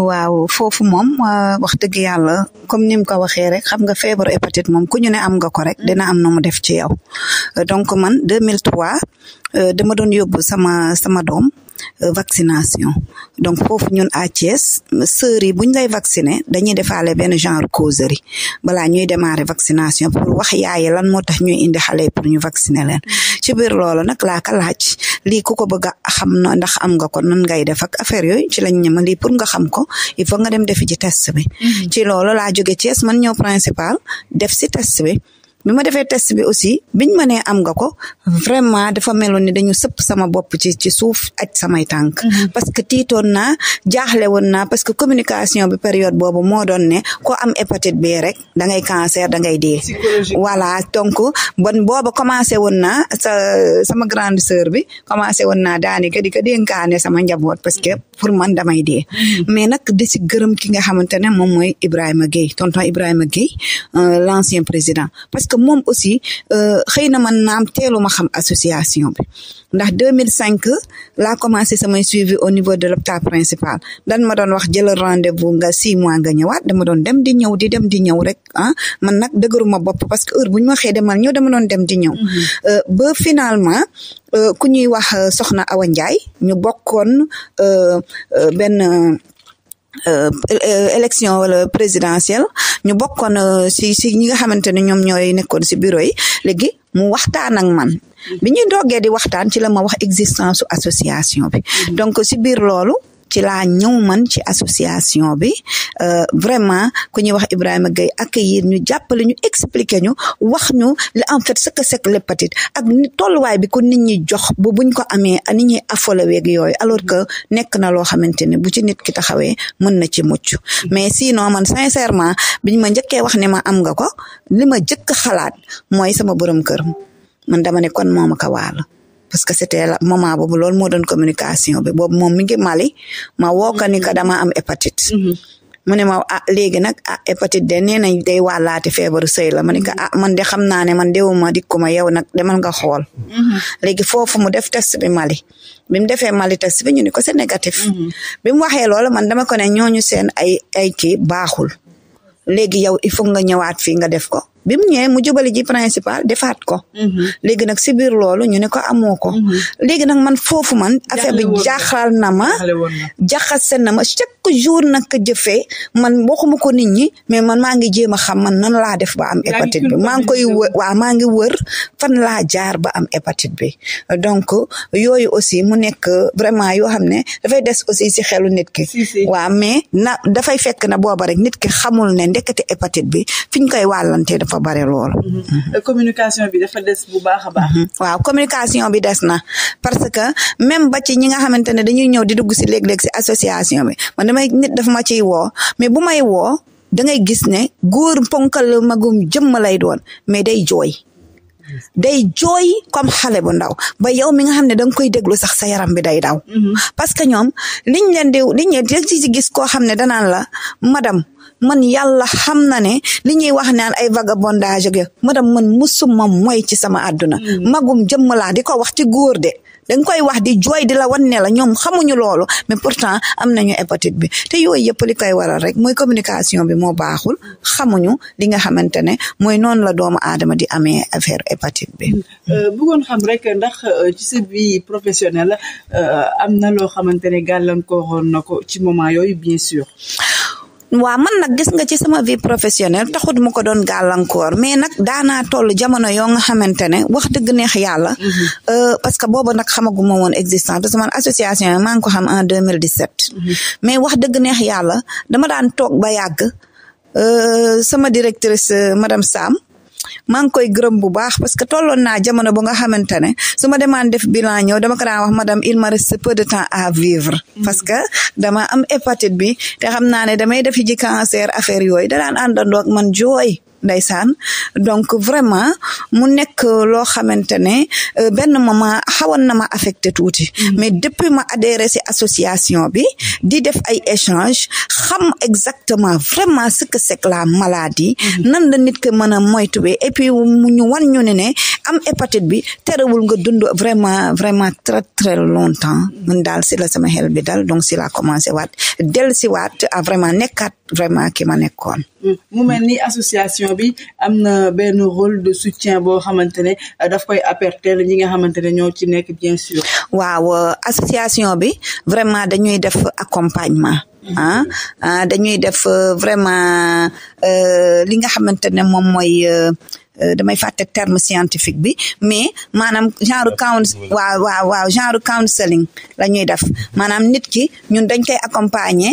Speaker 2: waaw foofu moom euh, wax dëgg yàlla comme ni mu ko waxee rek xam nga feebaru hépatite moom ku ñu ne am nga ko rek dina am na mu def ci yow euh, donc man 2003 euh, dama doon yóbbu sama sama doom. Euh, vaccination donc foofu ñun à Thiès sœurs yi buñ lay vacciner dañuy defaale benn genre causerie balaa ñuy démarrer vaccination pour wax yaaye lan moo tax ñuy indi xale pour ñu vacciner leen ci biir loolu nag laa ka laaj lii ku ko bëgg a xam na ndax am nga ko nan ngay def ak affaire yooyu ci lañ ñema lii pour nga xam ko il faut nga dem defi ci test bi mhm. ci loolu laa jóge Thiès man ñëw principal def si test bi bi ma defee test bi aussi biñ ma nee am nga ko vraiment dafa meloon ni dañu sëpp sama bopp ci ci suuf ak samay tànk. Mm-hmm. parce que tiitoon naa jaaxle woon naa parce que communication bi période boobu moo doon ne ko am hépatite B rek da ngay cancer da ngay dee. voilà donc bon booba commencé woon naa sa sama grande sœur bi commencé woon naa daanaka di ko dénkaane sama njaboot parce que pour man damay dee. Mm-hmm. mais nag di si gërëm ki nga xamante ne moom mooy Ibrahima Gueye tonton Ibrahima Gueye euh, l'ancien président que moom aussi euh, xëy na man naam teelu ma xam association bi ndax 2005 laa commencé samay suivi au niveau de l'hôpital principal dan ma doon wax jëlal rendez-vous nga six mois nga ñëwaat dama doon dem di ñëw di dem di ñëw rek ah man nag ma bopp parce que heure bu ñu waxee demal ñëw dama doon dem di ñëw mm-hmm. euh, ba finalement euh, ku ñuy wax soxna Awa Ndiaye ñu bokkoon benn Euh, euh, élection wala présidentielle ñu bokkoon euh, si si ñi nga xamante ne ñoom ñooy nekkoon si bureau yi léegi mu waxtaan ak man mm-hmm. bi ñu doogee di waxtaan ci la ma wax existence association bi mm-hmm. donc si biir loolu ci laa ñëw man ci association bi euh, vraiment ku ñuy wax Ibrahima Gueye accueillir ñu jàppale ñu expliquer ñu wax ñu li en fait ce que c'est que l'hépatite ak tolluwaay bi ko nit ñi jox bu buñ ko amee nit ñi afolaweeg yooyu alors que nekk na loo xamante ne bu ci nit ki taxawee mën na ci mucc mais sinon man sincèrement biñ ma njëkkee wax ne ma am nga ko li ma jëkk xalaat mooy sama borom kër man dama ne kon moo ma ko waal parce que c'était la moment boobu loolu moo doon communication bi boobu moom mi ngi maali ma woo ko ni ko dama am hépatite. Mm-hmm. mu ne ma a ah, léegi nag a ah, hépatite de nee nañ day wàllaate feebaru sëy la ma ne ah, man de xam naa ne man dewuma dikkuma yow nag demal nga xool. Mm-hmm. léegi foofu mu def test bi Mali. bi mu defee Mali test bi ñu ko c'est négatif. Mm-hmm. bi mu waxee loolu man dama ko ne ñooñu seen ay ay baaxul. léegi yow il faut nga ñëwaat fii nga def ko. bi mu ñëwee mu jubali ji principal defaat ko. Mhm. léegi nag si biir loolu ñu ne ko amoo ko. Mhm. léegi nag man foofu man. affaire bi jaaxal na ma. jaxase na ma chaque jour nag ko jëfee man waxuma ko nit ñi mais man maa ngi jéem a xam man nan laa def ba am hépatite bi maa ngi koy wër waaw maa ngi wër fan laa jaar ba am hépatite bi donc yooyu aussi mu nekk vraiment yoo xam ne dafay des aussi si xelu nit ki. waa mais na dafay fekk na booba rek nit ki xamul ne ndekete hépatite bi fi ñu koy wàllantee dafa dafa bare lool. Mm-hmm.
Speaker 1: communication bi dafa des bu baax
Speaker 2: a baax. Mm-hmm. waaw bi des na parce que même ba ci ñi nga xamante ne dañuy ñëw di dugg si léeg-léeg si association bi ma damay nit dafa ma ciy woo mais bu may woo da ngay gis ne góor ponkal magum jëmm lay doon mais day jooy. day jooy comme xale bu ndaw ba yow mi nga xam ne da nga koy déglu sax sa yaram bi day daw. Mm-hmm. parce que ñoom liñ leen di liñ leen di gis koo xam ne danaan la madame man yàlla xam na ne li ñuy wax naan ay vagabondage ak yo madam man musuma mooy ci sama àdduna mm. magum jëmm laa di ko wax ci góor de dañ koy wax di jooy di la wan ne la ñoom xamuñu loolu mais pourtant am nañu hépatite bi te yooyu yëpp li koy waral rek mooy communication bi moo baaxul xamuñu li nga xamante ne mooy noonu la doomu aadama di amee affaire hépatite bi. Mm.
Speaker 1: Euh, bëggoon xam rek ndax euh, ci sa vie professionnelle euh, am na loo xamante ne
Speaker 2: gàllankooroon na
Speaker 1: ko ci moment yooyu bien
Speaker 2: waa man nag gis nga ci sama vie professionnelle taxut mu ko doon gàllankoor mais nag daanaa toll jamono yoo nga xamante ne wax dëgg neex yàlla. Mm-hmm. Euh, parce que boobu nag xamaguma woon existence parce que man association yi maa ngi ko xam en 2017. Mm-hmm. mais wax dëgg neex yàlla dama daan toog ba yàgg euh, sama directrice euh, madame Sam. maa ngi koy gërëm bu parce que tolloon naa jamono bu nga xamante ne su demaan def bilan ñëw dama ko daan wax madame il me reste peu de temps à vivre. Mm-hmm. parce que dama am hépatite bi te xam naa ne damay def ji cancer affaire yooyu da daan àndandoo ak man jooy. ndeysaan donc vraiment mu nekk loo xamante ne euh, benn moment xawoon na ma affecté tuuti mm-hmm. mais depuis ma adhéré si association bi di def ay échange xam exactement vraiment ce que c'est que la maladie mm-hmm. nan la nit ko mën a bi et puis mu ñu wan ñu ne ne am hépatite bi terewul nga dund vraiment vraiment très très longtemps man daal ci la sama xel bi dal donc si la commencé waat del ci waat à vraiment nekkaat vraiment ki ma nekkoon
Speaker 1: mm-hmm. mu mel ni association coalition bi am na benn rôle de soutien boo xamante ne daf koy
Speaker 2: apporter ñi nga xamante ne ñoo ci nekk bien sûr. waaw association bi vraiment dañuy def accompagnement. Mm-hmm. Ah, ah dañuy def vraiment euh, li nga xamante ne moom mooy. Euh, Euh, damay fàtte terme scientifique bi mais maanaam genre couns waaw waaw waaw genre counseling la ñuy def maanaam nit ki ñun dañ koy accompagner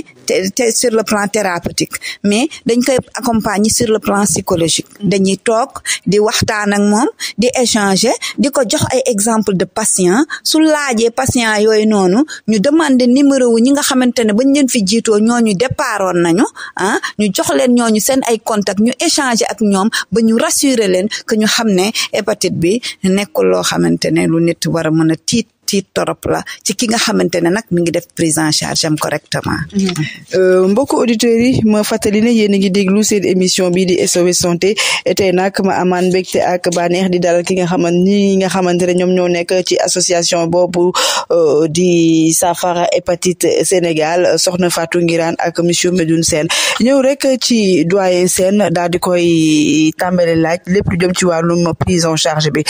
Speaker 2: te sur le plan thérapeutique mais dañ koy accompagner sur le plan psychologique dañuy toog di waxtaan ak moom di échanger di ko jox ay exemple de patient su laajee patient yooyu noonu ñu demander numéro wu ñi nga xamante ne bañ leen fi jiitoo ñooñu départoon nañu ah ñu jox leen ñooñu seen ay contact ñu échanger ak ñoom ba ñu rassurer leen que ñu xam ne hépatite bi nekkul loo xamante ne lu nit war a mën a tiit tiit torop la ci ki nga xamante ne nag mi ngi def prise charge am mhm.
Speaker 1: euh, mbokku auditeurs yi ma fàttali ne yéen a ngi déglu seen émission bii di SOS santé tey nag ma amaan mbégte ak bànneex di dalal ki nga xamante ni nga xamante ne ñoom ñoo nekk ci association boobu euh, di saafara hépatite Sénégal soxna Fatou ngiraan ak monsieur Medoune Sène ñëw rek ci doyen seen daal di koy tàmbale laaj lépp lu jëm ci wàllum prise en charge bi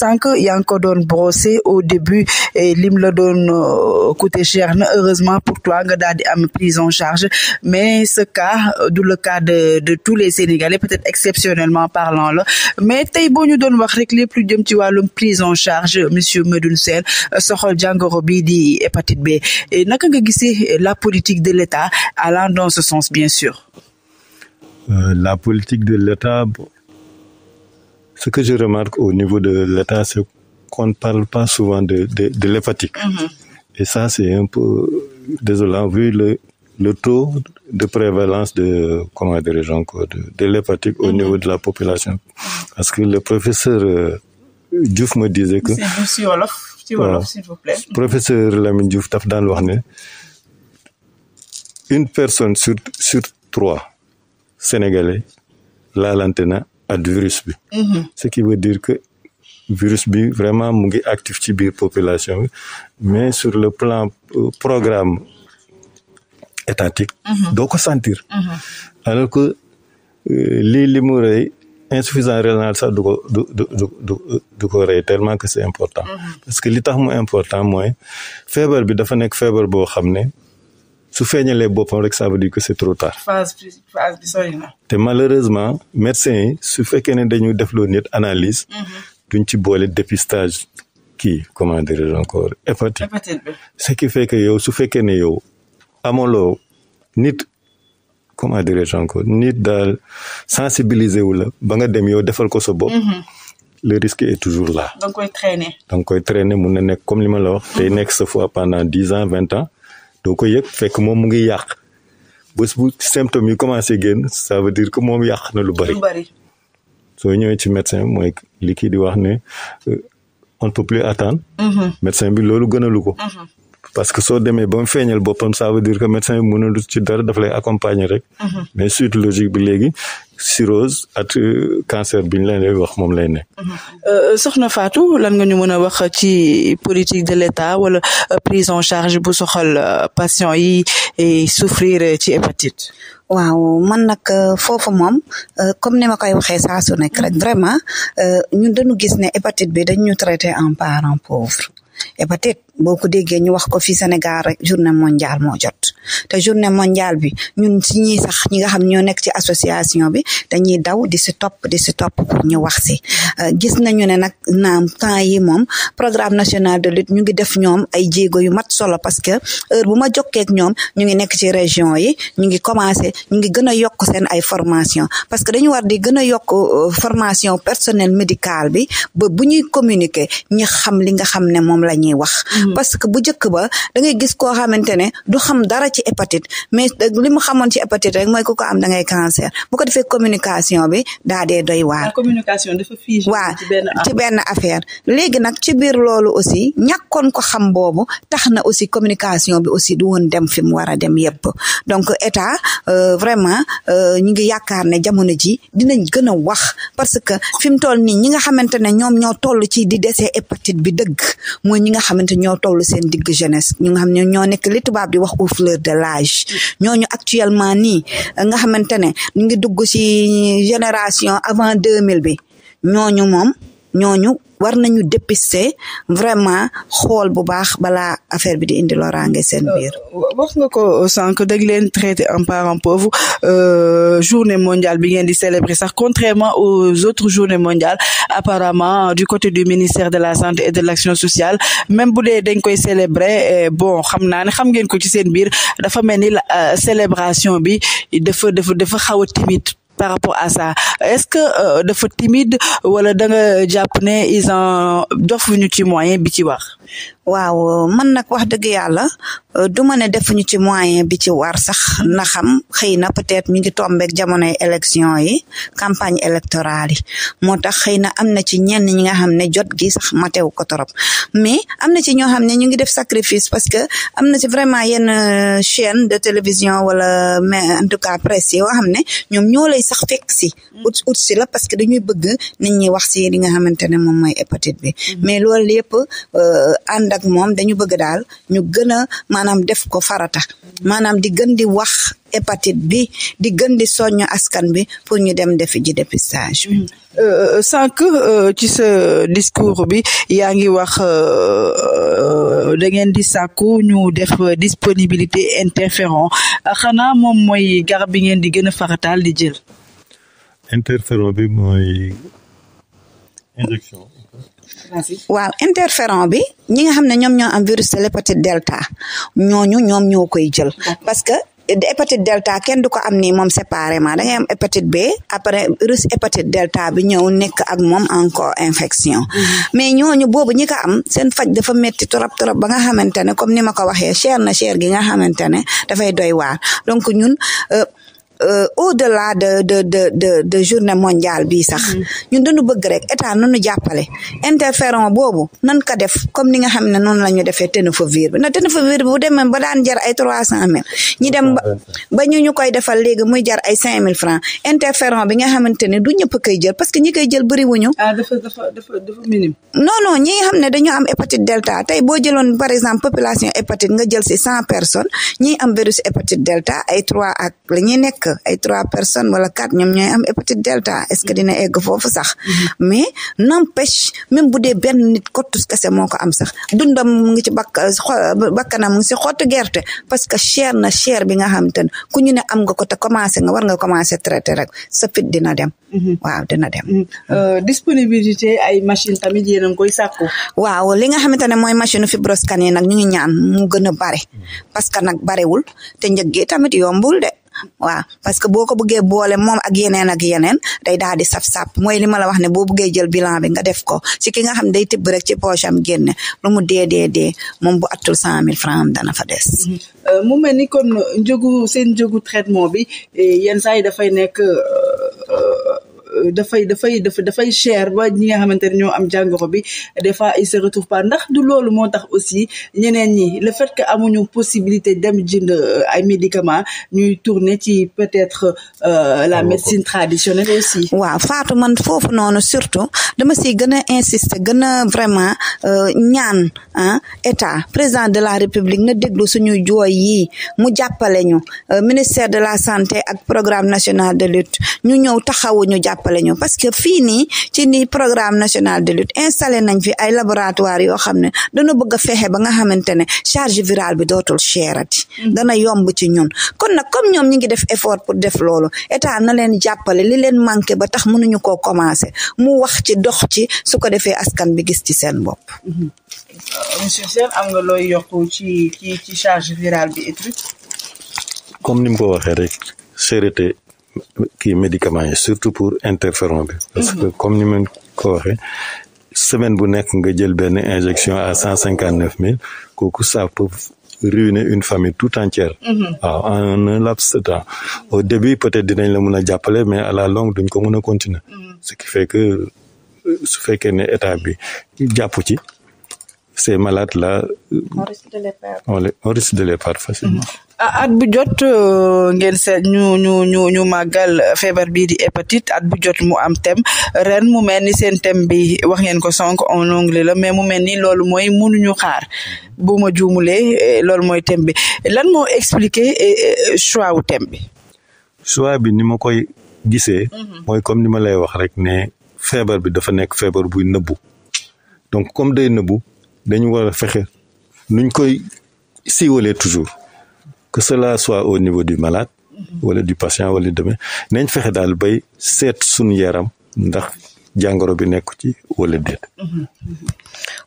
Speaker 1: sànq yaa ngi doon brossé au début et lim la doon euh, côté cher na heureusement pour toi nga daal di am prise en charge mais ce ca euh, du le cas de de tous les Sénégalais peut-être exceptionnellement parlant la mais tey boo ñu doon wax rek lépp lu jëm ci wàllum prise en charge monsieur Medoune Sène euh, soxol jàngoro bi di hépatite B et naka nga gissi la politique de l'État allant dans ce sens bien sûr.
Speaker 3: la politique de l'État, ce que je remarque au niveau de l'État, c'est qu'on ne parle pas souvent de, de, de l'hépatique. Mm Et ça, c'est un peu désolant vu le, le taux de prévalence de, comment de, de l'hépatique mm -hmm. au mm-hmm. niveau de la population. Parce que le professeur euh, Diouf me disait que.
Speaker 1: C'est mm-hmm.
Speaker 3: professeur Lamine Diouf daf daan wax ne une personne sur trois sénégalais laalante na at virus bi. ce qui veut dire que virus bi vraiment mu ngi actif ci biir population mais sur le plan euh, programme étatique mhm. doo ko sentir mhm. alors que euh, li mu rëy insuffisance rénale sax du ko du du du que c'est important mhm. parce que li tax mu important mooy feebar bi dafa nekk feebar boo xam ne su feeñalee boppam rek ça veut dire que c'est trop tard. te malheureusement médecins su fekkee ne dañu defloo nit analyse. duñ ci boole dépistage kii comment dirais-je encore hépatite. hépatite ce qui fait yow su fekkee ne yow amuloo nit comment dirais-je encore nit daal sensibiliser wu la ba nga dem yow defal ko sa bopp. Mhm. le risque et toujours la da koy traîner. mun na nekk comme li ma la wax. tey mhm. nekk sa foie pendant dix ans vingt ans doo ko yëg fekk moom mu ngi yàq bus bu symptômes yi commencé génn ça veut dire que moom yàq na lu bari. lu bari soo ñëwee ci médecin mooy li kii di wax ne euh, on ne peut mm-hmm. médecin bi loolu gënalu ko. Mm-hmm. parce que soo demee ba mu feeñal boppam ça veut dire que médecin bi mënul ci dara daf lay accompagner rek. Mm-hmm. mais suite logique bi léegi cirrhose ak euh, cancer bi ñu leen lay wax moom lay nekk.
Speaker 1: Euh, soxna Fatou lan nga ñu mën a wax ci politique de l'État wala prise en charge bu soxal patient
Speaker 2: yi souffrir ci hépatite. waaw man nag euh, foofu moom euh, comme ni ma koy waxee saa su nekk rek vraiment euh, ñun dañu gis ne hépatite bi dañ ñu traité en parent pauvre hépatite boo ko déggee ñu wax ko fi Sénégal rek journée mondiale moo jot te journée mondiale bi ñun si ñi sax ñi nga xam ñoo nekk ci association bi dañuy daw di si topp di si topp pour ñu wax si euh, gis nañu ne nag naam temps yi moom programme national de lutte ñu ngi def ñoom ay jéego yu mat solo parce que heure bu ma jokkee ñoom ñu ngi nekk ci région yi ñu ngi commencé ñu ngi gën a yokk seen ay formation parce que dañu war di gën a yokk euh, formation personnel médical bi ba bu ñuy communiquer ñi xam li nga xam ne moom la ñuy wax mm-hmm. Mm. parce que bu njëkk ba da ngay gis koo xamante ne du xam dara ci hépatite mais li mu xamoon ci hépatite rek mooy ku ko am da ngay cancer bu ko defee communication bi daa dee doy waar. Ah,
Speaker 1: communication dafa
Speaker 2: fii waaw ci benn affaire léegi nag ci biir loolu aussi ñàkkoon ko xam boobu tax na aussi communication bi aussi du woon dem fi mu war a dem yëpp donc état euh, vraiment euh, ñu ngi yaakaar ne jamono ji dinañ gën a wax parce que fi mu toll nii ñi nga xamante ne ñoom ñoo toll ci di dese hépatite bi dëgg mooy ñi nga xamante ñoo toll seen digg jeunesse ñu nga xam ne ñoo nekk li tubaab di wax au fleur de l'âge ñooñu actuellement nii nga xamante ne ñu ngi dugg si génération avant deux mille bi ñooñu moom ñooñu war nañu dépister vraiment xool bu baax balaa affaire bi di indi loraange seen euh, biir.
Speaker 1: wax nga ko sànq dañ leen traité en parent pauvre euh, journée mondiale bi ngeen di célébrer sax contrairement aux autres journées mondiales apparemment du côté du ministère de la santé et de l'action sociale même bu dee dañ koy célébrer eh, bon xam naa ne xam ngeen ko ci seen biir dafa mel ni euh, célébration bi dafa dafa dafa xaw a timide. sa rapport à ça est-ce que euh, dafa timide wala da nga jàpp ne ils en
Speaker 2: dofuñu ci moyen bi ci wax waaw man nag wax dëgg yàlla euh, du ma def defuñu ci moyen bi ci war sax na xam xëy na peut-être mi ngi tombeek jamonoy élection yi campagne électorale yi moo tax xëy na am na ci ñenn ñi nga xam ne jot gi sax matew ko torop mais am na ci ñoo xam ne ñu ngi def sacrifice parce que am na ci vraiment yenn euh, chaîne de télévision wala mais en tout cas presse yoo xam ne ñoom ñoo lay sax fekk si mm. ut ut si la parce que dañuy bëgg nit ñi wax si li nga xamante ne moom mooy hépatite bi mm. mais loolu yëpp euh, ànd ànd moom dañu bëgg daal ñu gën a maanaam def ko farata maanaam di gën di wax hépatite bi di gën di soññ askan bi pour ñu dem defi ji dépistage bi.
Speaker 1: Euh, euh, sànq euh, ci sa discours bi yaa ngi wax da ngeen di sàkku ñu def disponibilité interféron xanaa moom mooy garab bi ngeen di gën a farataal di jël.
Speaker 3: interféron bi mooy injection.
Speaker 2: interférence yi. waaw interféron bi ñi nga xam ne ñoom ñoo am virus de l'hépatite delta ñooñu ñoom ñoo koy jël. parce que hépatite delta kenn du ko am nii moom séparément da ngay am hépatite B après virus hépatite delta bi ñëw nekk ak moom encore infection. Mm-hmm. mais ñooñu boobu ñi ko am seen faj dafa metti trop trop ba nga xamante ne comme ni ma ko waxee cher na cher gi nga xamante ne dafay doy waar donc ñun. Euh, Euh, au-delà de de de de de journée mondiale bii sax. Mm-hmm. ñun dañu bëgg rek état nu ñu jàppale. interféron boobu nan ka def comme ni nga xam ne noonu la ñu defee tenofovir bi na tenofovir bi bu demee ba daan jar ay trois cent mille. ñi dem ba ñu ñu koy defal léegi muy jar ay cinq mille francs interféron bi nga xamante ne du ñëpp koy jël parce que ñi koy jël bëri wuñu. Ah,
Speaker 1: ñi
Speaker 2: nga ne dañoo am hépatite delta tey boo jëloon par exemple population hépatite nga jël si cent personnes ñi am virus hépatite delta ay trois ak la ñuy nekk. ay trois personnes wala quatre ñoom ñooy am hépatite delta est que dina egg foofu sax mais n'empêche même bu dee benn nit kottus kese moo ko am sax dundam mu ngi ci bakk bakkanam mu si xottu gerte parce que chair na cher bi nga xam te ne ku ñu ne am nga ko te commencé nga war nga commencé traité rek sa fit dina dem mhm. waaw dina dem mhm. euh, disponibilité ay machine tamit yéen a koy sàkku waaw li nga xamante ne mooy machine fibroscan yi nag ñu ngi ñaan mu gën a bare mhm. parce que waaw parce que boo ko bëggee boole moom ak yeneen ak yeneen day daal sap saf-sap mooy li ma la wax ne boo bëggee jël bilan bi nga def ko ci ki nga xam day tibb rek ci poche am génne lu mu dee dee dee moom bu attul cent mille franc am dana fa des
Speaker 1: euh, mu mel ni kon njëgu seen njëgu traitement bi eh, yenn saa dafay nekk euh, euh, dafay dafay daf dafay cher ba ñi nga xamante ne ñoo am jàngoro bi des fois ils se retrouvent pas ndax du loolu moo tax aussi ñeneen ñi le fait que amuñu possibilité dem jënd
Speaker 2: euh, ay médicament ñuy tourner ci peut-être euh, la médecine traditionnelle aussi. waa faatu man foofu noonu surtout dama si gën a insister gën a vraiment euh, ñaan ah état président de la république na déglu suñu jooy yi mu jàppale ñu ministère de la santé ak programme national de lutte ñu ñëw taxawuñu jàpp jàppale ñu parce que fii nii ci ni programme national de lutte installé nañ fi ay laboratoire yoo xam ne dana bëgg a fexe ba nga xamante ne charge virale bi dootul cherati mm. dana yomb ci ñun kon nag comme ñoom ñi ngi def effort pour def loolu état na leen jàppale li leen manqué ba tax mënuñu koo commencé mu wax ci dox ci su ko defee askan bi gis ci seen bopp mm-hmm.
Speaker 1: euh, monsieur looy yokku ci ci ci charge virale bi et
Speaker 3: comme ni ko waxee rek sérété kii médicament yi surtout pour interféron bi. parce que mhm. comme ni ma ko waxee semaine bu nekk nga jël benn injection à cent cinquante neuf mille kooku ça peut ruiner une famille tout entière. Mhm. waaw en un laps de temps au début peut-être dinañ la mën a jàppale mais à la longue duñ ko mën a continuer. Mhm. ce qui fait que euh, su fekkee ne état bi jàpp ci. ces malades-là. on risque de les perdre. on, les, on
Speaker 1: bu jot euh, ngeen seet ñu ñu ñu ñu màggal feebar bii di hépatite at bu jot mu am thème ren mu mel ni seen thème bi wax ngeen ko sonk en anglais la mais mu mel ni loolu mooy ñu xaar bu ma juumulee euh, loolu mooy thème bi lan moo expliquer euh, choix wu thème bi.
Speaker 3: choix bi ni ma koy gisee. Mhm. mooy comme ni ma lay wax rek ne feebar bi dafa nekk feebar buy nëbbu donc comme day nëbbu dañu war a fexe nuñ koy siiwalee toujours que cela soit au niveau du malade mhm. wala du patient wala demee nañ fexe daal bay seet suñu yaram ndax jàngoro bi nekk ci wala déet. Mhm. Mhm.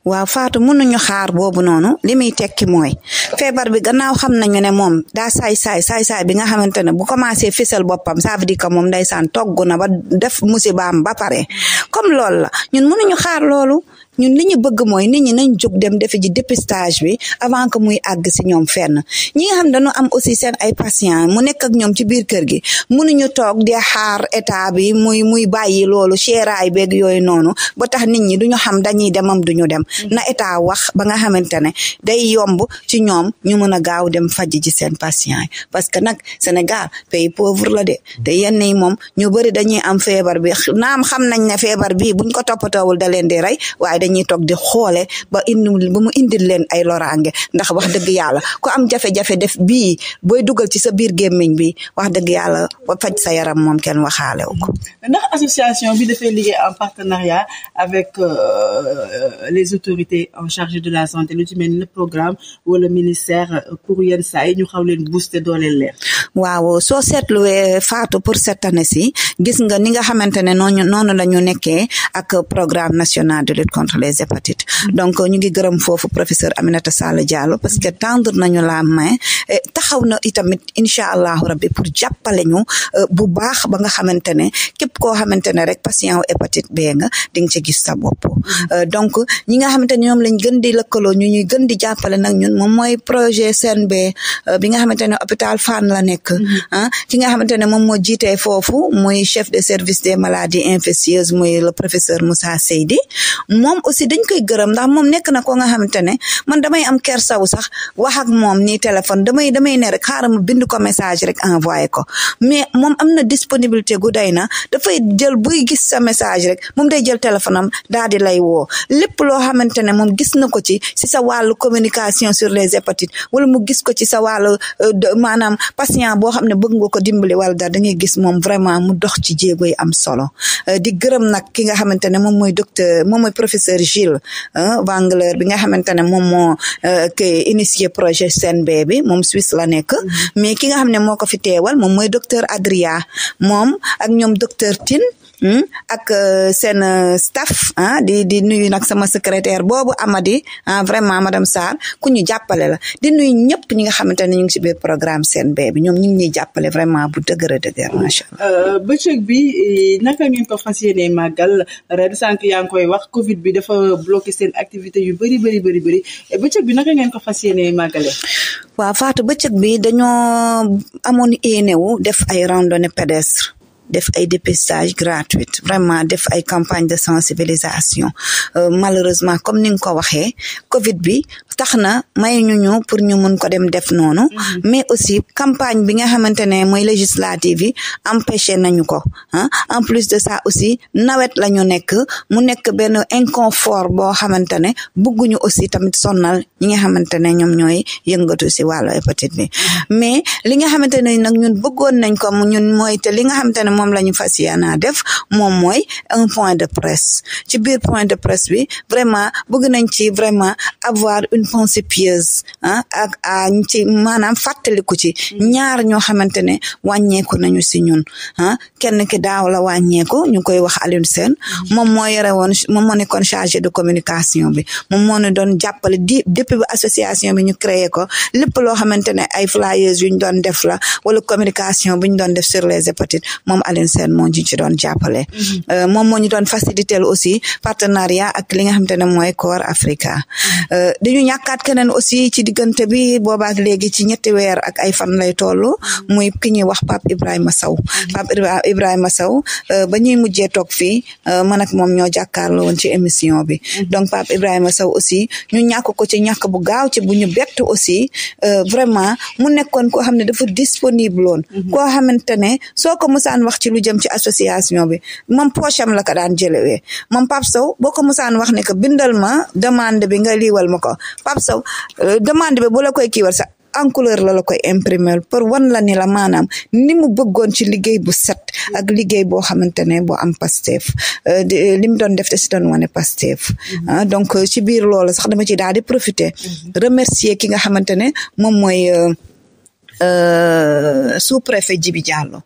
Speaker 2: waaw Fatou mën nañu xaar boobu noonu li muy tekki mooy feebar bi gannaaw xam nañu ne moom daa saay saay saay saay bi nga xamante ne bu commencé fisal boppam ça veut dire moom ndeysaan togg na ba def musibaam ba pare comme loolu la ñun mënuñu xaar loolu. ñun li ñu bëgg mooy nit ñi nañ jóg dem defe ji dépistage bi avant que muy àgg si ñoom fenn ñi nga xam dañu am aussi seen ay patients mu nekk ak ñoom ci biir kër gi ñu toog di xaar état bi muy muy bàyyi loolu séeraay beeg yooyu noonu ba tax nit ñi duñu xam dañuy du ñu dem mm. na état wax ba nga xamante ne day yomb ci ñoom ñu mën a gaaw dem faj ji seen patient yi parce que nag Sénégal pays pauvre la de te yenn yi moom ñu bëri dañuy am feebar bi naam xam nañ ne feebar bi buñ ko toppatoowul da leen di rey dañuy toog di xoole ba indi ba mu indi leen ay loraange ndax wax dëgg yàlla ko am jafe-jafe def bii booy dugal ci sa biir gémmiñ bi wax dëgg yàlla ba faj sa yaram moom kenn waxaale wu ko.
Speaker 1: ndax association bi dafay liggéey en partenariat avec euh, les autorités en charge de la santé lu ci mel ni le programme wala ministère euh, pour yenn saa ñu xaw leen
Speaker 2: booster dooleel leen. waaw soo seetluwee Fatou pour cette année ci gis nga ni nga xamante ne noonu noonu la ñu nekkee ak programme national de lutte contre contre les hépatites donc ñu ngi gërëm foofu professeur Aminata Sall jaalo parce que tendre nañu la main taxaw na itamit incha allahu rabbi pour jàppale ñu euh, bu baax ba nga xamante ne képp koo xamante ne rek patient wu hépatite B nga di ci gis sa bopp euh, donc ñi nga xamante ne ñoom lañ gën di lëkkaloo ñu ñuy gën di jàppale nag ñun moom mooy projet CNB euh, bi nga xamante ne hôpital Fann la nekk mm-hmm. ah ki nga xamante ne moom moo jiitee foofu muy chef de service des maladies infectieuses muy le professeur Moussa Seydi aussi dañ koy gërëm ndax moom nekk na ko nga xamante ne man damay am saw sax wax ak moom nii téléphone damay damay ne rek xaaral ma bind ko message rek envoyé ko mais moom am na disponibilité gu day na dafay jël buy gis sa message rek moom day jël téléphone am daal di lay woo lépp loo xamante ne moom gis na ko ci si sa wàllu communication sur les hépatites wala mu gis ko ci sa wàllu euh, maanaam patient boo xam ne bëgg nga ko dimbali wala daal dangay gis moom vraiment mu dox ci jéego yi am solo euh, di gërëm nag ki nga xamante ne moom mooy docteur moom mooy professeur docteur Gilles Wengler bi nga xamante ne moom moo euh, kay initié projet CNB bi moom Suisse la nekk mm-hmm. mais ki nga xam ne moo ko fi teewal moom mooy docteur Adria moom ak ñoom docteur Tine hum ak euh, seen euh, staff ah di di nuyu nag sama secrétaire boobu Amady ah vraiment madame Sarr ku ñu jàppale la di nuyu ñëpp ñi nga xamante ne ñu ngi si biir programme seen bi ñoom ñu ngi ñuy jàppale vraiment bu dëgër a dëgër macha
Speaker 1: allah. Euh, bëccëg bi eh, naka ngeen ko fas yéenee màggal ren sànq yaa ngi koy wax Covid bi dafa bloqué seen activité
Speaker 2: yu bëri bëri bëri bëri bëccëg bi naka ngeen ko fas yéenee màggale. waaw Fatou bëccëg bi dañoo amoon yéene wu def ay randonnée pédestre. def ay dépistage gratuit vraiment def ay campagne de sensibilisation euh, malheureusement comme ni nga ko waxee Covid bi tax na mayuñu pour ñu mun ko dem def noonu mhm. mais aussi campagne bi nga xamante ne mooy législative yi empêché nañu ko ah en plus de sa aussi nawet la ñu nekk mu nekk benn inconfort boo xamante ne bugguñu aussi tamit sonnal ñi nga xamante ne ñoom ñooy yëngatu si wàllu hépatite bi mhm. mais li nga xamante ne nag ñun bëggoon nañ ko ñun mooy te li nga xamante ne moom la ñu fas yéenaa def moom mooy un point de presse ci biir point de presse bi vraiment bëgg ci vraiment avoir une pensée pieuse ah ak a ci maanaam fàttaliku ci ñaar ñoo xamante ne wàññeeku nañu si ñun ah kenn ki daaw la wàññeeku ñu koy wax Alioune Sène moom moo yore woon moom moo nekkoon chargé de communication bi moom moo ne doon jàppale di depuis association bi ñu créé ko lépp loo xamante ne ay flyers yu ñu doon def la wala communication bi ñu doon def sur les hépatites moom Alioune sen moo ji ci doon jàppale mm-hmm. euh, moom moo ñu doon faciliter aussi partenariat ak li nga xamante ne mooy Corps Africa mm-hmm. euh, ñàkkaat keneen aussi ci diggante bi boobaak léegi ci ñetti weer ak ay fan lay toll muy ki ñuy wax Pape Ibrahima Sow Pape Ibrahima Sow euh, ba ñuy mujjee toog fii euh, man ak moom ñoo jàkkaarloo woon ci émission bi mhm. donc Pape Ibrahima Sow aussi ñu ñàkk ko ci ñàkk bu gaaw ci bu ñu bett aussi euh, vraiment mu nekkoon koo xam ne dafa disponible woon mhm. koo xamante ne soo ko musaan wax ci lu jëm ci association bi moom poche am la ko daan jëlewee moom Pape Sow boo ko musaan wax ne que bindal demande bi nga liiwal ma ko Pape Sow euh, demande bi bu la koy kiiwal sax en couleur la la koy imprimer pour wan la ni la maanaam ni mu bëggoon ci liggéey bu set ak liggéey boo xamante ne boo am Pastef euh, euh, li mu doon def te si doon wane Pastef mhm. ah, donc ci biir loolu sax dama ci daal di profiter mhm. remercier ki nga xamante ne moom mooy sous-préfet Djibi Diallo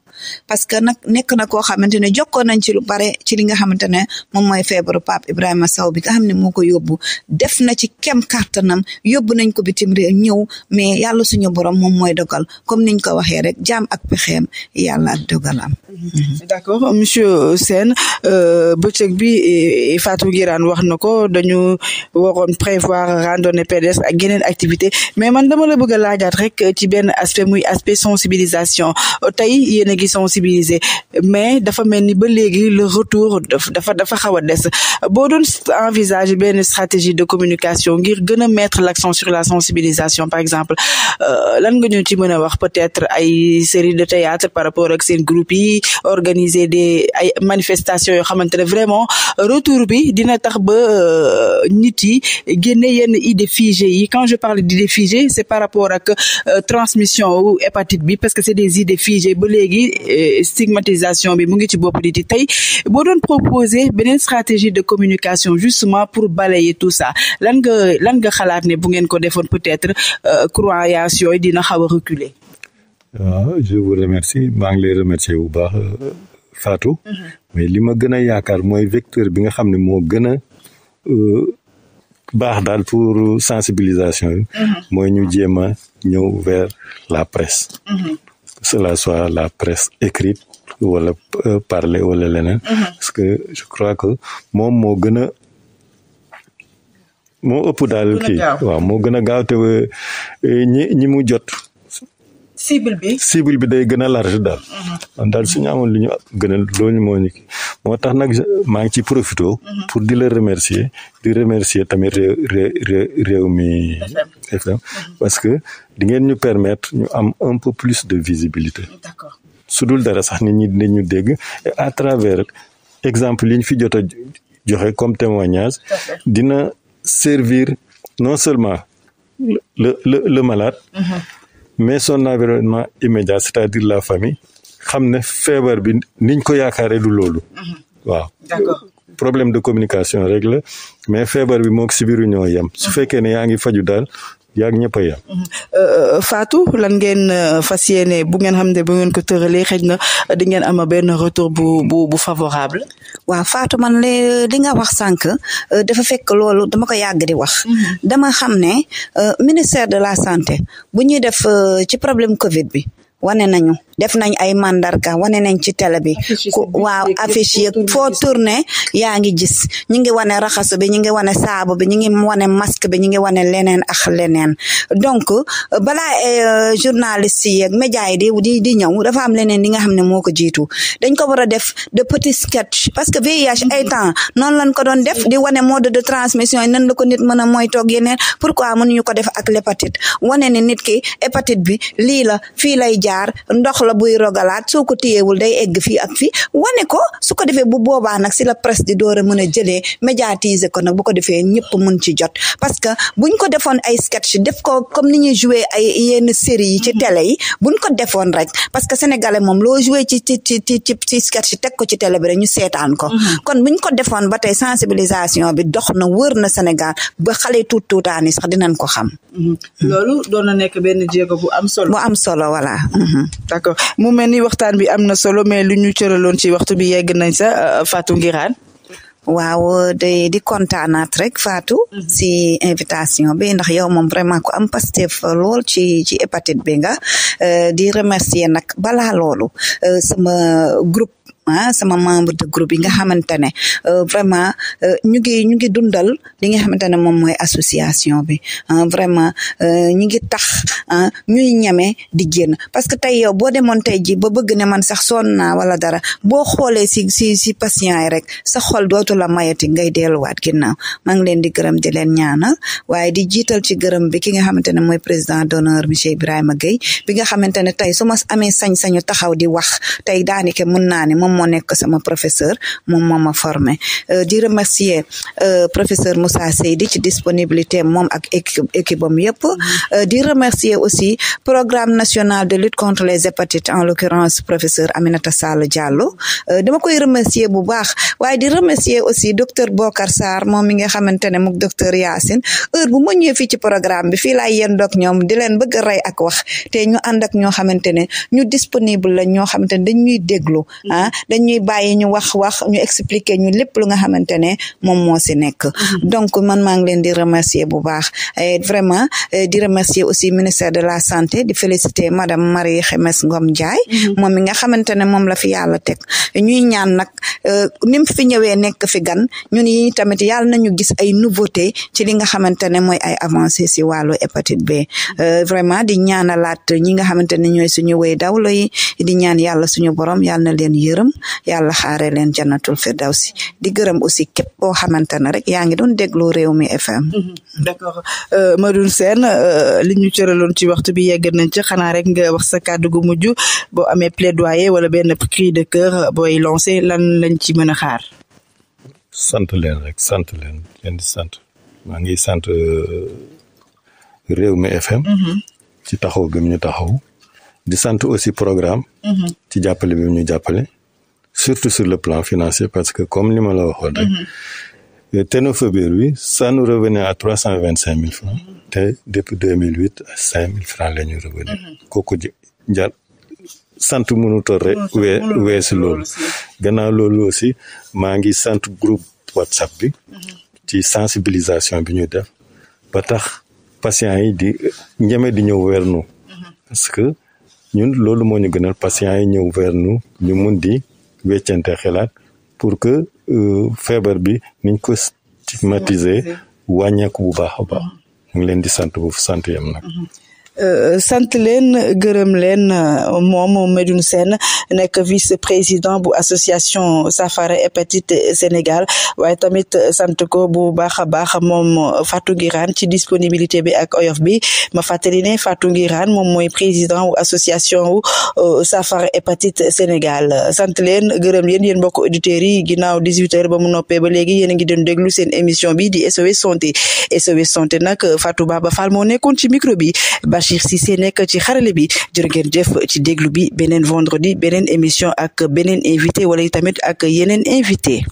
Speaker 2: parce que nag nekk na koo xamante ne jokkoon nañ ci lu bare ci li nga xamante ne moom mooy feebaru Pape Ibrahima Sow bi nga xam ne moo ko yóbbu def na ci kem kartanam yóbbu nañ ko bitim réew ñëw mais yàlla suñu borom moom mooy dogal comme niñ ko waxee rek jam ak pexeem yàlla ak dogalam. Mhm. d'accord monsieur
Speaker 1: Sène euh, bëccëg bi eh, Fatou Guirane wax na ko dañu waroon prévoir randonnée pédestre a geneen activité mais man dama la bëgg a laajaat rek ci benn aspect muy aspect sensibilisation tey yéen ci sensibiliser mais dafa mel ni ba léegi le retour dafa dafa xaw des boo doon envisager benn stratégie de communication ngir gën a mettre l'accent sur la sensibilisation par exemple euh, lan nga ñu ci mën a wax peut-être ay série de théâtre par rapport ak seen groupe yi organiser des ay manifestations yoo xamante ne vraiment retour bi dina tax ba euh, nit yi génne yenn idées figées yi quand je parle d'idées figées c'est par rapport ak euh, transmission wu hépatite bi parce que Euh, stigmatisation bi mu ngi ci bopp di di tey boo doon proposer beneen stratégie de communication justement pour balayer tout ça lan nga lan nga xalaat ne bu ngeen ko defoon peut-être euh, croyance yooyu dina xaw a reculer.
Speaker 3: waaw ah, je vous remercie maa ngi lay remercier bu baax euh, Fatou. Mhm. mais li ma gën a yaakaar mooy vecteur bi nga xam ne moo gën a baax daal pour sensibilisation yi. Mhm. mooy ñu jéem a ñëw vers la presse. Mhm. cela soit la presse écrite wala euh, parler wala leneen mhm. parce que je crois que moom moo gën a moo ëpp daal kii waaw moo gën a gaaw te euh, ñi ñi mu jot cible bi. bi day gën a large daal. Mm-hmm. man daal suñu amoon lu ñu gën a loolu moo ñu moo tax nag maa ngi ci profité. Mm-hmm. pour di la remercier di remercier tamit réew mi. FM mm-hmm. parce que di ngeen ñu permettre ñu am un peu plus de visibilité. su dul dara sax nit ñi dinañu dégg et à travers exemple yi ñu fi jot a joxe comme témoignage. dina servir non seulement le le malade. mais son environnement immédiat c'est-à-dire la famille xam ne feebar bi niñ ko yaakaaree du loolu. Mhm. waaw problème de communication rek la mais feebar bi moog si biiru ñoo yem. su fekkee ne yaa ngi faju daal yaag ñëpp a yem. Mhm.
Speaker 1: Euh, euh, Fatou lan ngeen euh, fas yéene bu ngeen xam ne bu ngeen ko tëralee xëy a di ngeen ama benn retour bu bu bu
Speaker 2: favorable. waaw faatu man li nga wax sànq dafa fekk loolu dama ko yàgg di wax. Mhm. dama xam ne ministère de la santé bu ñuy def ci problème Covid bi. wane nañu def nañ ay mandarga wane nañ ci télé bi ku waaw affiche yeeg foo tourné yaa ngi gis ñi ngi wane raxasu bi ñi ngi wane saabu bi ñi ngi wane masque bi ñi ngi wane leneen ak leneen donc balaa euh, journaliste yi yeeg média yi di di di ñëw dafa am leneen li nga xam ne moo ko jiitu dañ ko war a def de petit sketch parce que VIH ay mm-hmm. temps noonu lañ ko doon def di wane mode de transmission yi nan la ko nit mën a mooy toog yeneen pourquoi mënuñu ko def ak l'hépatite wane ne nit ki hépatite bi lii la jaar ndox la buy rogalaat soo ko téyeewul day egg fii ak fii wane ko su ko defee bu boobaa nag si la presse di door a mën a jëlee médiatiser ko nag bu ko defee ñëpp mun ci jot parce que buñ ko defoon ay sketch def ko comme ni ñuy jouer ay yenn série yi ci mhm. tele yi buñ ko defoon rek parce que sénégalais moom loo jouer ci ci ci ci ci ci sketch teg ko ci télé bi rek ñu seetaan ko mhm. kon buñ ko defoon ba tey sensibilisation bi dox na wër na Sénégal ba xale tuut tuutaani sax dinañ ko xam mhm.
Speaker 1: loolu doon na am solo bu am solo voilà Mm-hmm. d' accord mu mel ni waxtaan bi am na solo mais lu ñu cëraloon ci waxtu bi yegg nañ sa
Speaker 2: euh, euh, faatu Nguirane. waaw de di kontaanaat rek faatu si mm-hmm. invitation bi ndax yow moom vraiment ku am Pastef lool ci ci hépatite bi nga euh, di remercier nag balaa loolu sama groupe. ah sama membre de groupe yi nga xamante ne euh, vraiment euh, ñu ngi ñu ngi dundal li nga xamante ne moom mooy association bi ah, vraiment euh, ñu ngi tax ah, ñuy ñeme di génn parce que tey yow boo demoon tey ji ba bëgg ne man sax sonn wala dara boo xoolee si si si patient yi rek sax xol dootu la mayati ngay delluwaat ginnaaw maa ngi leen di gërëm di leen ñaana waaye di jiital ci gërëm bi ki nga xamante ne mooy président d'honneur monsieur Ibrahima Gueye bi nga xamante ne tey su ma sañ taxaw di wax tey daanaka mun naa moo nekk sama professeur moom moo ma formé euh, di remercier euh, professeur Moussa di ci disponibilité moom ak équipe équipe am yëpp euh, di remercier aussi programme national de lutte contre les hépatites en l'occurrence professeur Aminata Sall Diallo dama koy remercier bu baax waaye di remercier aussi docteur Bokar Sarr moom mi nga xamante ne moom docteur Yacine heure bu ma ñëwee fii ci programme bi fii laay yendoog ñoom di leen bëgga a ak wax te ñu ànd ak ñoo xamante ne ñu la ñoo xamante ne dañ ñuy ah. dañuy bàyyi ñu wax wax ñu expliquer ñu lépp lu nga xamante ne moom moo si nekk mhm. donc man maa ngi leen di remercier bu baax vraiment euh, di remercier aussi ministère de la santé di féliciter madame Marie Khemesse Ngom Ndiaye mhm. moom mi nga xamante ne moom la fi yàlla teg ñuy ñaan nag euh, ni mu fi ñëwee nekk fi gan ñun yi tamit yàlla nañu gis ay nouveauté ci li nga xamante ne mooy ay avancées si wàllu hépatite B euh, vraiment di ñaanalaat ñi nga xamante ne ñooy suñu way dawlo yi di ñaan yàlla suñu borom yàlla na leen yërëm yàlla xaare leen jannatul firdawsi di gërëm aussi képp boo xamante ne rek yaa ngi doon déglu réew mi FM mhm. d'accord seen euh, Sène euh, li ñu cëraloon ci waxtu bi yegg nañ ci xanaa rek nga wax
Speaker 1: sa kàddu gu mujj boo amee plaidoyer wala benn cri de cœur euh, booy lancé lan lañ ci mën a xaar
Speaker 3: sant leen rek sant leen leen di sant maa ngi sant réew mi FM mhm. ci taxaw gi mu ñu di sant aussi programme mhm. ci jàppale bi ñu jàppale surtout sur le plan financier parce que comme ni ma la waxoon rek. Mhm. tenofovir bi ça nous revenait à trois cent vingt cinq mille francs te depuis deux mille huit à cinq mille francs la ñu revenir mhm. kooku jar sant mënutoon rek. wee weesu loolu. gannaaw loolu aussi maa ngi sant groupe WhatsApp bi. Mhm. ci sensibilisation bi ñu def ba tax patients yi di ñeme di ñëw weer nu parce ñun loolu moo ñu gënal patients yi ñëw weer ñu mun di. weccante xalaat pour que euh, feebar bi niñ ko stigmatiser wàññeeku bu baax a baax mm-hmm. ñu ngi leen di sant bu sant yam nag mm-hmm.
Speaker 1: Euh, sant leen gërëm leen euh, moom Medoune Sène nekk vice-président bu association Saafara hépatite Sénégal waaye tamit sant ko bu baax a baax moom Fatou Ngirane ci disponibilité bi ak oyof bi ma fàttali ne Fatou Ngirane moom mooy président wu association wu euh, Saafara hépatite Sénégal sant leen gërëm leen yeen bokk auditeurs yi ginnaaw 18h ba mu noppee ba léegi yéen a ngi doon déglu seen émission bi di SOS santé SOS santé nag Fatou Baba Fall moo nekkoon ci micro bi Bachir Cissé nekk ci xarale bi jërë ngeen jëf ci déglu bi beneen vendredi beneen émission ak beneen invité wala tamit ak yeneen invité